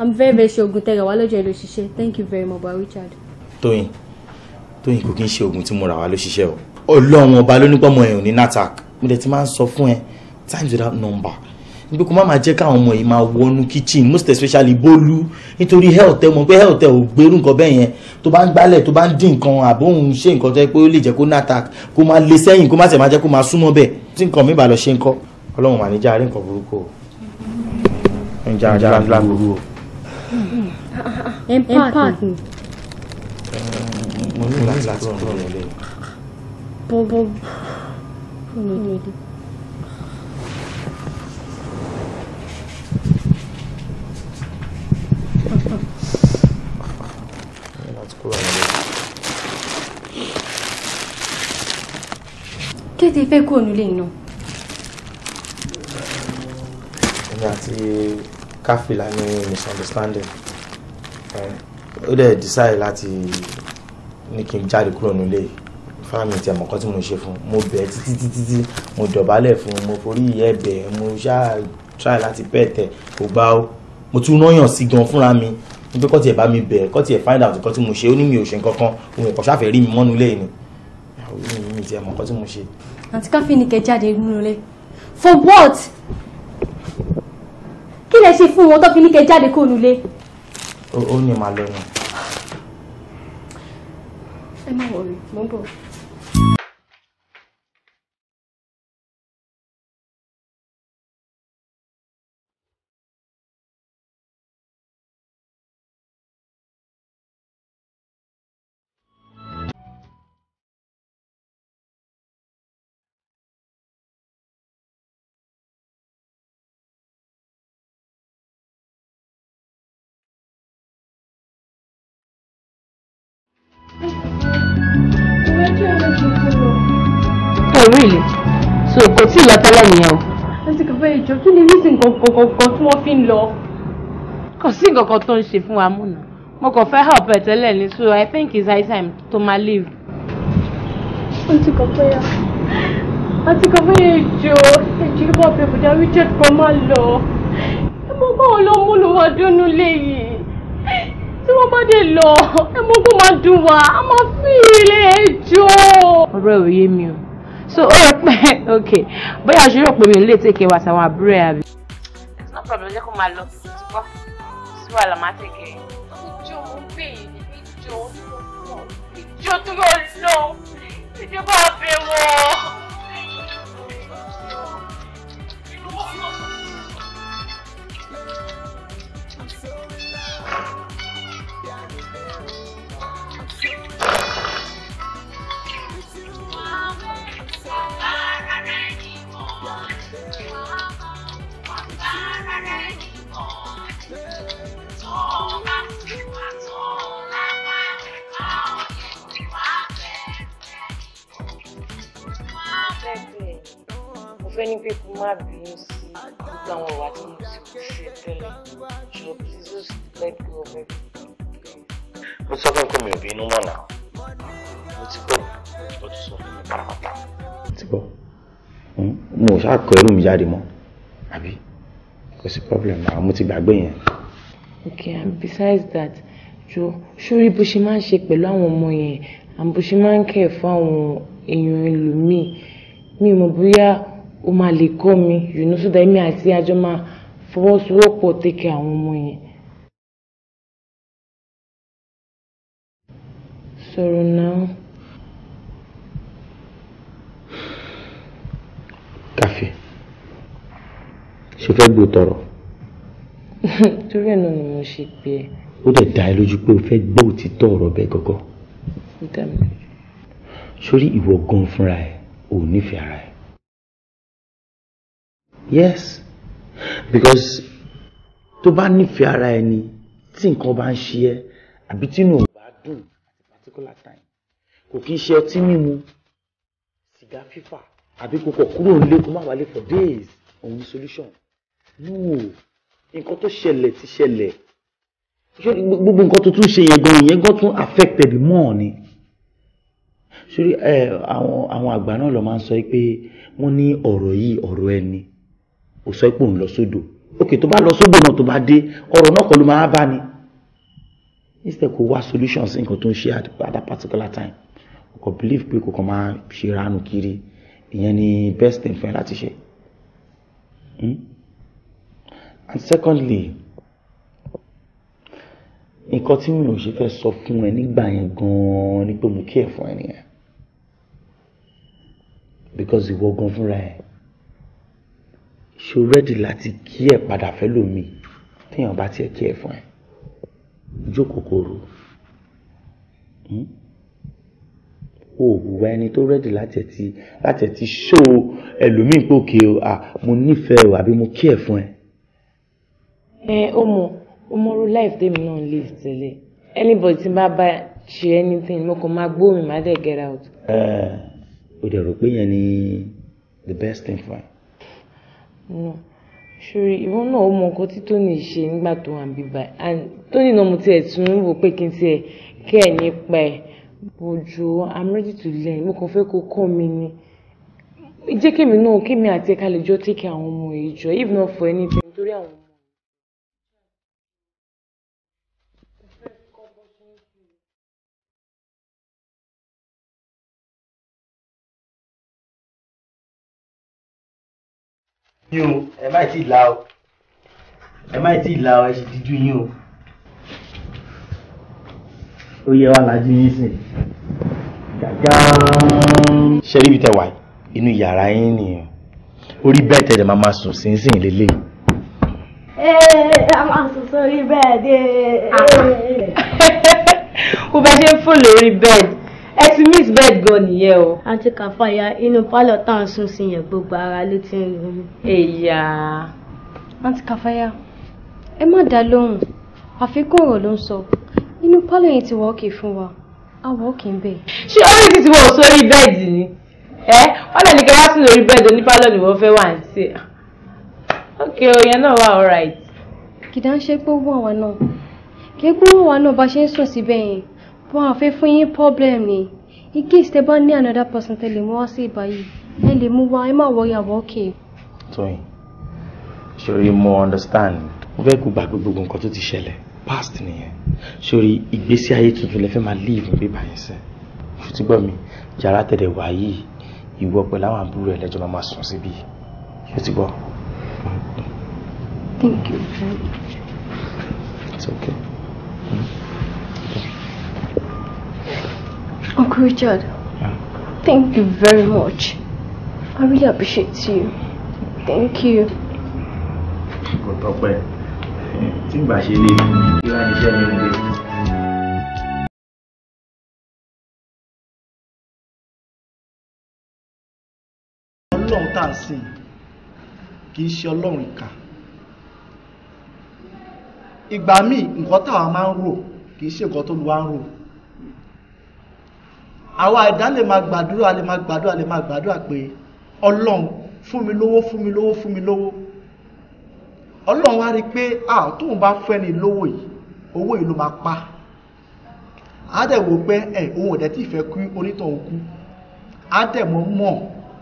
i'm very very sure oògùn tẹ̀rẹ̀ wá lọ́jọ́ ìlú ṣiṣẹ́ thank you very much baba richard. tóyìn tóyìn kò kí ń ṣe oògùn tí mo rà wá ló ṣiṣẹ́ o ọlọ́run ọba ló ní pọ́nmọ́ ẹ̀ ò ní natak mo dẹ̀ ti máa ń sọ fún ẹ times without number bí kò má máa jẹ́ káwọn ọmọ yìí máa wọnú kitchen most especially bólú nítorí health ẹ mọ̀ pé health ẹ ò gbérù nǹkan bẹ́ẹ̀ yẹn tó bá ń gbálẹ̀ tó bá ń dín nǹkan àbó òun ṣe nǹkan tó yẹ pé ó lè jẹ́ kó ní attack kó máa lé sẹ́yìn kó má sì máa jẹ́ kó máa súnmọ́ bẹ́ẹ̀ tí nǹkan mi bá lọ ṣe ń kọ́ ọlọ́run mà ní já rí nǹkan burúkú o ń já rí nǹkan burúkú o. empath kéde fẹ́ kúrò nílé iná. èmi àti káfílà ní misunderstanding ó dẹ̀ decide láti ní kí n jáde kúrò nílé fáàmì tí àmọ̀kọ́ tí mo ṣe fún mo bẹ̀ títí títí tí mo dọ̀bálẹ̀ fún mo forí ìyẹ́ bẹ̀ mo ṣáà try láti bẹ́ẹ̀ tẹ̀ kò ó mo tún rányàn sí gan fúnra mi mo pé kọ́ tiẹ̀ bá mi bẹ̀ kọ́ tiẹ̀ find out nǹkan tí mo ṣe ó ní mi ò ṣe nǹkan kan ẹ̀kọ́ ṣáfẹ́ rí mi mọ́nu lé ni mi tiẹ̀ mọ̀ nǹkan tí mo ṣe. àǹtí káfíń ni kẹ nínú ilé for what kí lẹ ṣe fún wọn tó fi ní kẹ jáde kó nulẹ̀. ó ní màá lọ nù. ẹ má wọrí mo ń bọ̀. really so kò tí ì lọ tẹ́lẹ̀ nìyẹn o. àti kàfẹ́ ìjọ kí ni reason kankan tí wọ́n fi ń lọ. kò sí nǹkan kan tó ń ṣe fún wa múnà mo kàn fẹ́ help ẹ̀ tẹ́lẹ̀ ni so i think it's high time to ma leave. àti kàfẹ́ ya àti kàfẹ́ ìjọ ìjọ bá bẹ bùdá Richard kan máa lọ ẹ mọ báwọn lọ mú lọ wá dúnú léyìí tí wọ́n bá dé lọ ẹ mọ kó máa dùn wá a máa fi ilé ẹjọ́. ọ̀rẹ́ ò yé mi o so okay, but pé ok bóyá ṣe rò pé mi ò lè tèké wa sàwọn àbúrò ẹ it's no problem jẹ́ come máa lọ sí bọ́ sí wàhálà máa tèké. ìjọ mo pè é ìjọ ìjọ tó yọ lọ ìjọba bẹ wọn. I'm so low. Yeah, fẹ́ ní pé kó má bínú sí gbogbo àwọn ìwà tí mo ti kú ṣe tẹ́lẹ̀ ṣùgbọ́n please just let go of it. mo sọ fún un pé mi ò ti bọ̀ hmm? mo ò ṣáà kọ ẹrù mi jáde mọ́ àbí kò sí problem àwọn mo ti gbàgbé yẹn. okay and besides that jo sórí bó ṣe máa ń ṣe pẹ̀lú àwọn ọmọ yẹn and bó ṣe máa ń kẹ̀ fún àwọn èèyàn ẹlòmíì mi ò bóyá o máa lè kọ́ mi you know so that èmi àti àjọ máa fọwọ́sowọ́pọ̀ tẹ́kẹ̀ àwọn ọmọ yẹn. sọ̀rọ̀ náà. ṣe fẹ́ gbọ́ tọrọ. torí ẹ̀ náà ni mo ṣe pé ẹ. ó dẹ̀ dá ẹ lójú pé o fẹ́ gbọ́ òtítọ́ ọ̀rọ̀ bẹ́ẹ̀ gọ́gọ́. sórí ìwọ gan fúnra ẹ ò nífẹ̀ẹ́ ara ẹ. yes because tó bá nífẹ̀ẹ́ ara ẹ ni tí nǹkan bá ń ṣe ẹ àbí tínú ò bá dùn àti particular time kò kí ń ṣe ọtí mímu sìgá fífà àbí kò kọ̀ kúrò nílé kó má wálé for days òun ni solution no nǹkan tó ṣẹlẹ̀ ti ṣẹlẹ̀ gbogbo nǹkan tó tún ṣe yẹn gan yẹn gan tún affected more ni sórí àwọn àwọn àgbà náà lọ máa ń sọ pé wọ́n ní ọ̀rọ̀ yìí ọ̀rọ̀ ẹni ò sọ pé òun lọ sódò òkè tó bá lọ sódò náà tó bá dé ọ̀rọ̀ náà kọ́ ló máa bá ni instead kò wá solutions nǹkan tó ń ṣe at that particular time o kò believe pé kò kàn máa ṣe ránù kiri ìyẹn ni best thing fún ẹ láti ṣe. Mm? and secondly nǹkan tí mi ò ṣe fẹ́ sọ fún ẹ nígbà yẹn gan-an ni pé mo kí ẹ̀ fún ẹ nìyẹn because ìwọ gan fúnra ẹ ṣe rẹ́dì láti kí ẹ̀ padà fẹ́ lómi téèyàn bá tiẹ̀ kí ẹ̀ fún ẹ jókòó kòrò hmm? o wùwá ẹni tó rẹ́dì láti ẹ̀ ti láti ẹ̀ ti ṣó ẹlòmíì pòkè o à mo nífẹ̀ẹ́ o àbí mo kí ẹ̀ fún ẹ ẹ ó mọ ó life tèmi náà ń live anybody tí n bá bá ṣe anything mo kàn máa gbóhùn má dẹ̀ get out. ẹ o dẹ̀ rò pé yẹn ni the best thing for you. no sori ìwọ náà ó mọ nǹkan tí tóní ṣe nígbà tó wà bíbá and tóní náà mo tiẹ̀ tún wò pé kí n tiẹ̀ kẹ́ ẹ̀ nípa ẹ̀ bójú i'm ready to learn mo kàn fẹ́ kó kọ́ mi ni jẹ́ kémi náà kémi àti ẹ̀ka lè jọ take àwọn ọmọ ìjọ if not for anything nítorí àwọn. yín o ẹ má tí ì la o ẹ má tí ì la o ẹ sì díjú yín o. ó yẹ wá lajú yín sìn gàgà. ṣe rí ibi tẹ wà inú yàrá yín nìyẹn orí bẹ́ẹ̀ tẹ̀lé máa máa sùn sínsìn lélẹ̀. a máa sùn sórí bẹ́ẹ̀dì. Ah. ó bá ṣe ń fò lórí bẹ́ẹ̀dì ẹ ti miss bed gan nìyẹn o. àti kàfàyà inú pálọ̀ tá à ń sùn sí yẹn gbogbo ara ló ti ń rún. èyà. àǹtí kàfàyà ẹ má dá lóhùn àfikún ọ̀rọ̀ ló ń sọ inú pálọ̀ yẹn ti wà òkè fún wa àwọ̀ òkè ń bẹ̀. ṣé orí ti ti wọ̀ sórí bẹ́ẹ̀dì ni ẹ wọ́n lè ní kí wá sí lórí bẹ́ẹ̀dì onípálọ̀ ni wọ́n fẹ́ wà ń sè é. ok oyin náà wà alright. kìdá ń ṣe pé ó wọ̀ wá náà kí pé ó wọ̀ wá náà bá ṣe ń sùn síbẹ̀ yẹn wọn àfẹ́ fún yín problem ni in case tẹ bá ní another person tẹ lè mú wá sí ìbáyìí ẹ lè mú wá ẹ má wọrí àwọ̀ òkè. tóyìn sori mo understand mo fẹ́ kó gbàgbé gbogbo nǹkan tó ti ṣẹlẹ̀ past nìyẹn sori ìgbésí ayé tuntun lẹ fẹ́ máa live ní bíbá yẹn sẹ́ fún ti gbọ́ mi yàrá tẹ̀lé wá yìí ìwọ pẹ̀lú àwọn àbúrò ẹ̀ lẹ́jọ́ máa sùn síbi yóò ti Thank you It's okay. Mm -hmm. Uncle Richard, yeah. thank you very much. I really appreciate you. Thank you. Good, tọ́pẹ́, tí ìgbà ṣe lè fún mi, kí wá níṣẹ́ mi ń gbé. Ọlọ́run tá à ń sìn kì í ṣe ọlọ́run ìkà. Ìgbà míì nǹkan táwa máa ń rò kì ṣe nǹkan tó lu wá ń rò àwa ẹ̀dá lè máa gbàdúrà lè máa gbàdúrà lè máa gbàdúrà pé ọlọ́run fún mi lówó fún mi lówó fún mi lówó ọlọ́run wá rí i pé à tóun bá fẹ́ni lówó yìí owó yìí ló máa pa á dẹ̀ wò pé ẹ̀ òun ò dẹ̀ tí ì fẹ́ kú onítọ̀hún kú á dẹ̀ mọ́ mọ́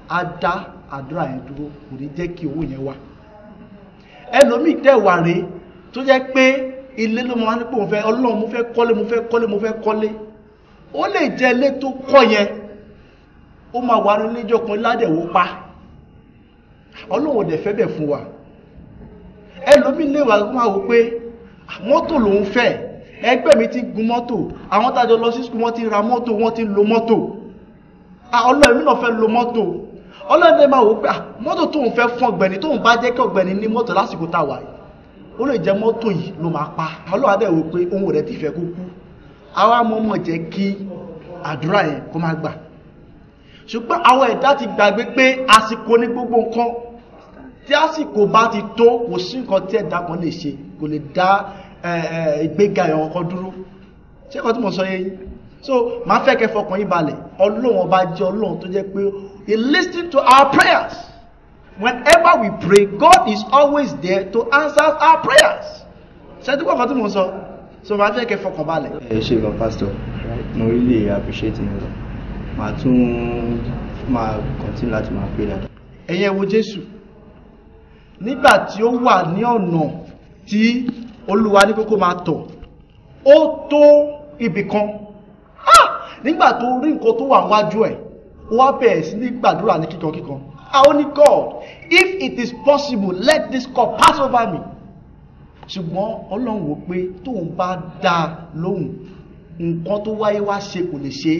á dá àdúrà yẹn dúró kò ní jẹ́ kí owó yẹn wà ẹlòmíì dẹ̀ wà rèé tó jẹ́ pé ilé ló máa ń pè fẹ́ ọlọ́run mo fẹ́ kọ́lé mo fẹ́ kọ́lé. Mo fẹ́ kọ́lé ó lè jẹ́ ilé tó kọ́ yẹn ó máa wà ní ilé ìjọkan ládẹ̀wó pa ọlọ́run ò dẹ̀ fẹ́ bẹ̀ fún wa ẹlòmí lè wà máa wò pé mọ́tò lòún fẹ́ ẹgbẹ́ mi ti gun mọ́tò àwọn tájọ lọ sí skul wọ́n ti ra mọ́tò wọ́n ti lo mọ́tò ọlọ́run mi náà fẹ́ lo mọ́tò ọlọ́run lè máa wò pé mọ́tò tóun fẹ́ fún ọ̀gbẹ́ni tóun bá jẹ́ kí ọ̀gbẹ́ni ní mọ́tò lásìkò tá a wà yìí ó lè jẹ́ mọ́tò yìí ló máa pa ọlọ́run adẹ́wò pé òun rẹ̀ ti fẹ́ kó kú àwa mọ̀mọ̀ jẹ́ kí àdúrà yẹn kó má gbà ṣùgbọ́n àwọn ẹ̀dá ti gbàgbé pé àsìkò ní gbogbo nǹkan tí àsìkò bá ti tó kò sí nǹkan tí ẹ̀dá kan lè ṣe kò lè dá ìgbéga ẹ̀wọ̀n kan dúró ṣé ẹ̀kọ́ tí mo sọ yẹn so máa fẹ́ kẹ́ fọkàn yín balẹ̀ ọlọ́run ọba jẹ́ ọlọ́run tó jẹ́ pé he listen to our prayers whenever we pray God is always there to answer our prayers ṣé ẹ̀dúgbò kan tí mo sọ. So, so máa fẹ́ kẹ́ fọkàn balẹ̀. ẹ ṣe gan pastor mo really appreciate yín lọ màá tún máa continue láti máa pray dáadáa. ẹ̀yin ẹ wo jésù nígbà tí ó wà ní ọ̀nà tí olúwa ní kókó máa tọ̀ ó tó ibì kan nígbà tó rí nǹkan tó wà wájú ẹ̀ ó wá bẹ̀rẹ̀ sí ní gbàdúrà ní kíkankíkan. I only God if it is possible let this cup pass over me ṣùgbọ́n ọlọ́run wò pé tóun bá dá a lóhùn nǹkan tó wáyé wá ṣe kò lè ṣe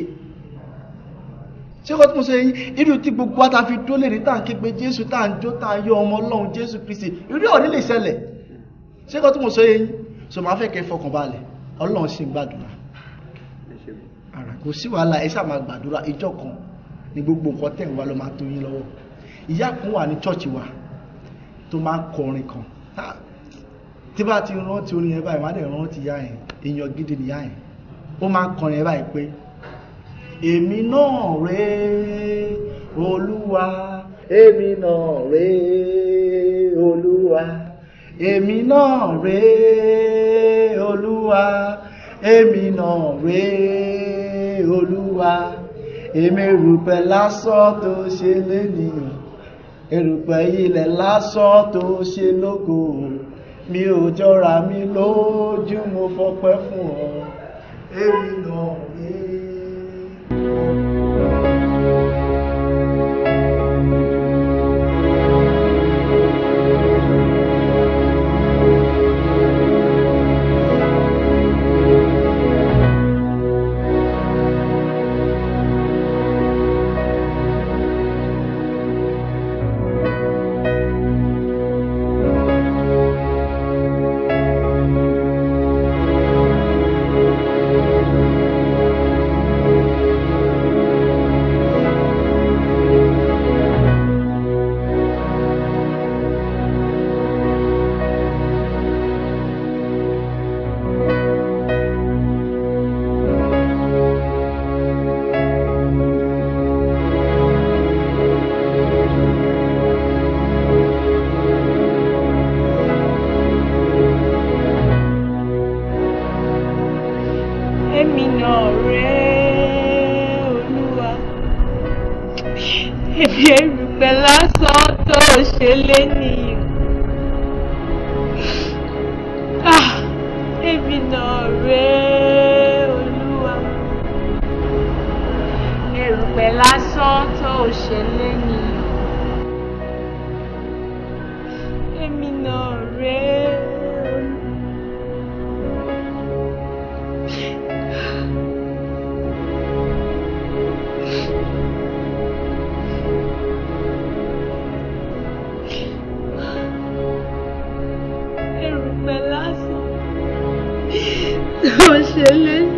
é ṣé kọ́ tí mo ṣe yín irú tí gbogbo wa ta fi dó lè rí tá à ń ké pé jésù tá à ń jó tá à ń yọ ọmọ ọlọ́run jésù kristi irú ọ̀rí lè ṣẹlẹ̀ ṣé kọ́ tí mo ṣe yín so màá fẹ́ kẹ́ fọkàn balẹ̀ ọlọ́run sì ń gbàdúrà ara kò sí wàhálà ẹ ṣáà máa gbàdúrà ìjọ kan ní gbogbo nǹkan tẹ̀ ń wá ló máa tó yín lọ́wọ́ ìyá kan wà ní chọ́ọ̀chì wa tó máa kọrin kan tí bá ti rántí orin yẹn báyìí wọ́n á dẹ̀ rántí yá yẹn èèyàn gidi nìyá yẹn ó máa ń kọrin yẹn báyìí pé èmi náà rèé olúwa èmi náà rèé olúwa èmi náà rèé olúwa èmi náà rèé olúwa èmi rùpẹ̀ lásán tó ṣe lénìyàn èrùpẹ̀ ilẹ̀ lásán tó ṣe lógo mi ò jọra mi lójú mo fọpẹ́ fún ọ èmi rí 人人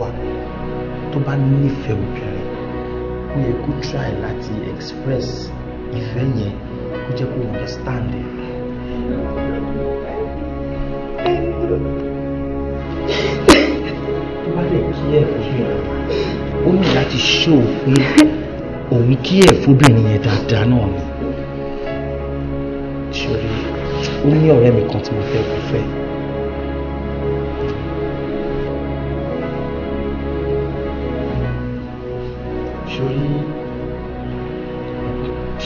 wà tó bá nífẹ̀ẹ́ obìnrin ó yẹ kó try láti express ìfẹ́ yẹn kó jẹ́ kó understand ẹ̀. tó bá dẹ̀ kí ẹ̀ fún yẹn ó ní láti ṣó o pé òun kí ẹ̀ fóbìnrin yẹn dáadáa náà ni. ṣòrí ó ní ọ̀rẹ́ mi kan tí mo fẹ́ kó fẹ́.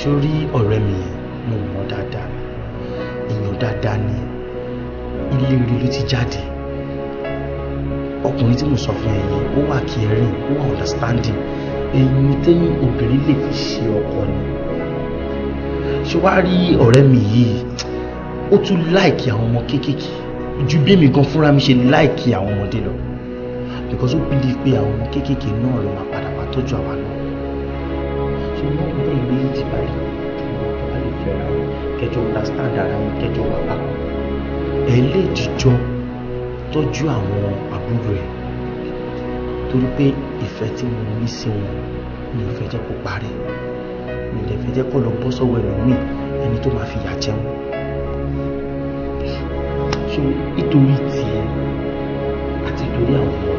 sórí ọ̀rẹ́ mi yẹn mo mọ̀ dáadáa èèyàn dáadáa ni ilé rere ló ti jáde ọkùnrin tí mo sọ fún ẹyin ó wà caring ó wà understanding èyí tẹ́yìn obìnrin lè fi ṣe ọkọ ni ṣé wàá rí ọ̀rẹ́ mi yìí ó tún láìkì àwọn ọmọ kéékèèké ju bí èmi gan fúnra mi ṣe láìkì àwọn ọmọdé lọ because ó bìlí pé àwọn ọmọ kéékèèké náà ló máa padà wá tọ́jú àwa náà ṣùgbọ́n ilé ìwé ti báyìí wọ́n bá lè fẹ́ra wọn kẹjọ understand ara wọn kẹjọ wà papọ̀ ẹ lè jíjọ tọ́jú àwọn àbúrò ẹ̀ torí pé ìfẹ́ tí mo ní sí wọn mi ò fẹ́ jẹ́ kó parí mi ò dẹ̀ fẹ́ jẹ́ kó lọ bọ́ sọ́wọ́ ẹlòmíì ẹni tó máa fi yà jẹun so nítorí tiẹ̀ àti torí àwọn ọmọ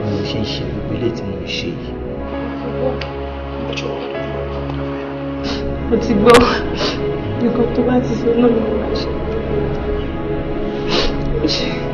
mi mo ṣe ń ṣe gbogbo ilé tí mo ń ṣe yìí mo ti gbọ́ nǹkan tó bá ti sọ náà mo máa ṣe.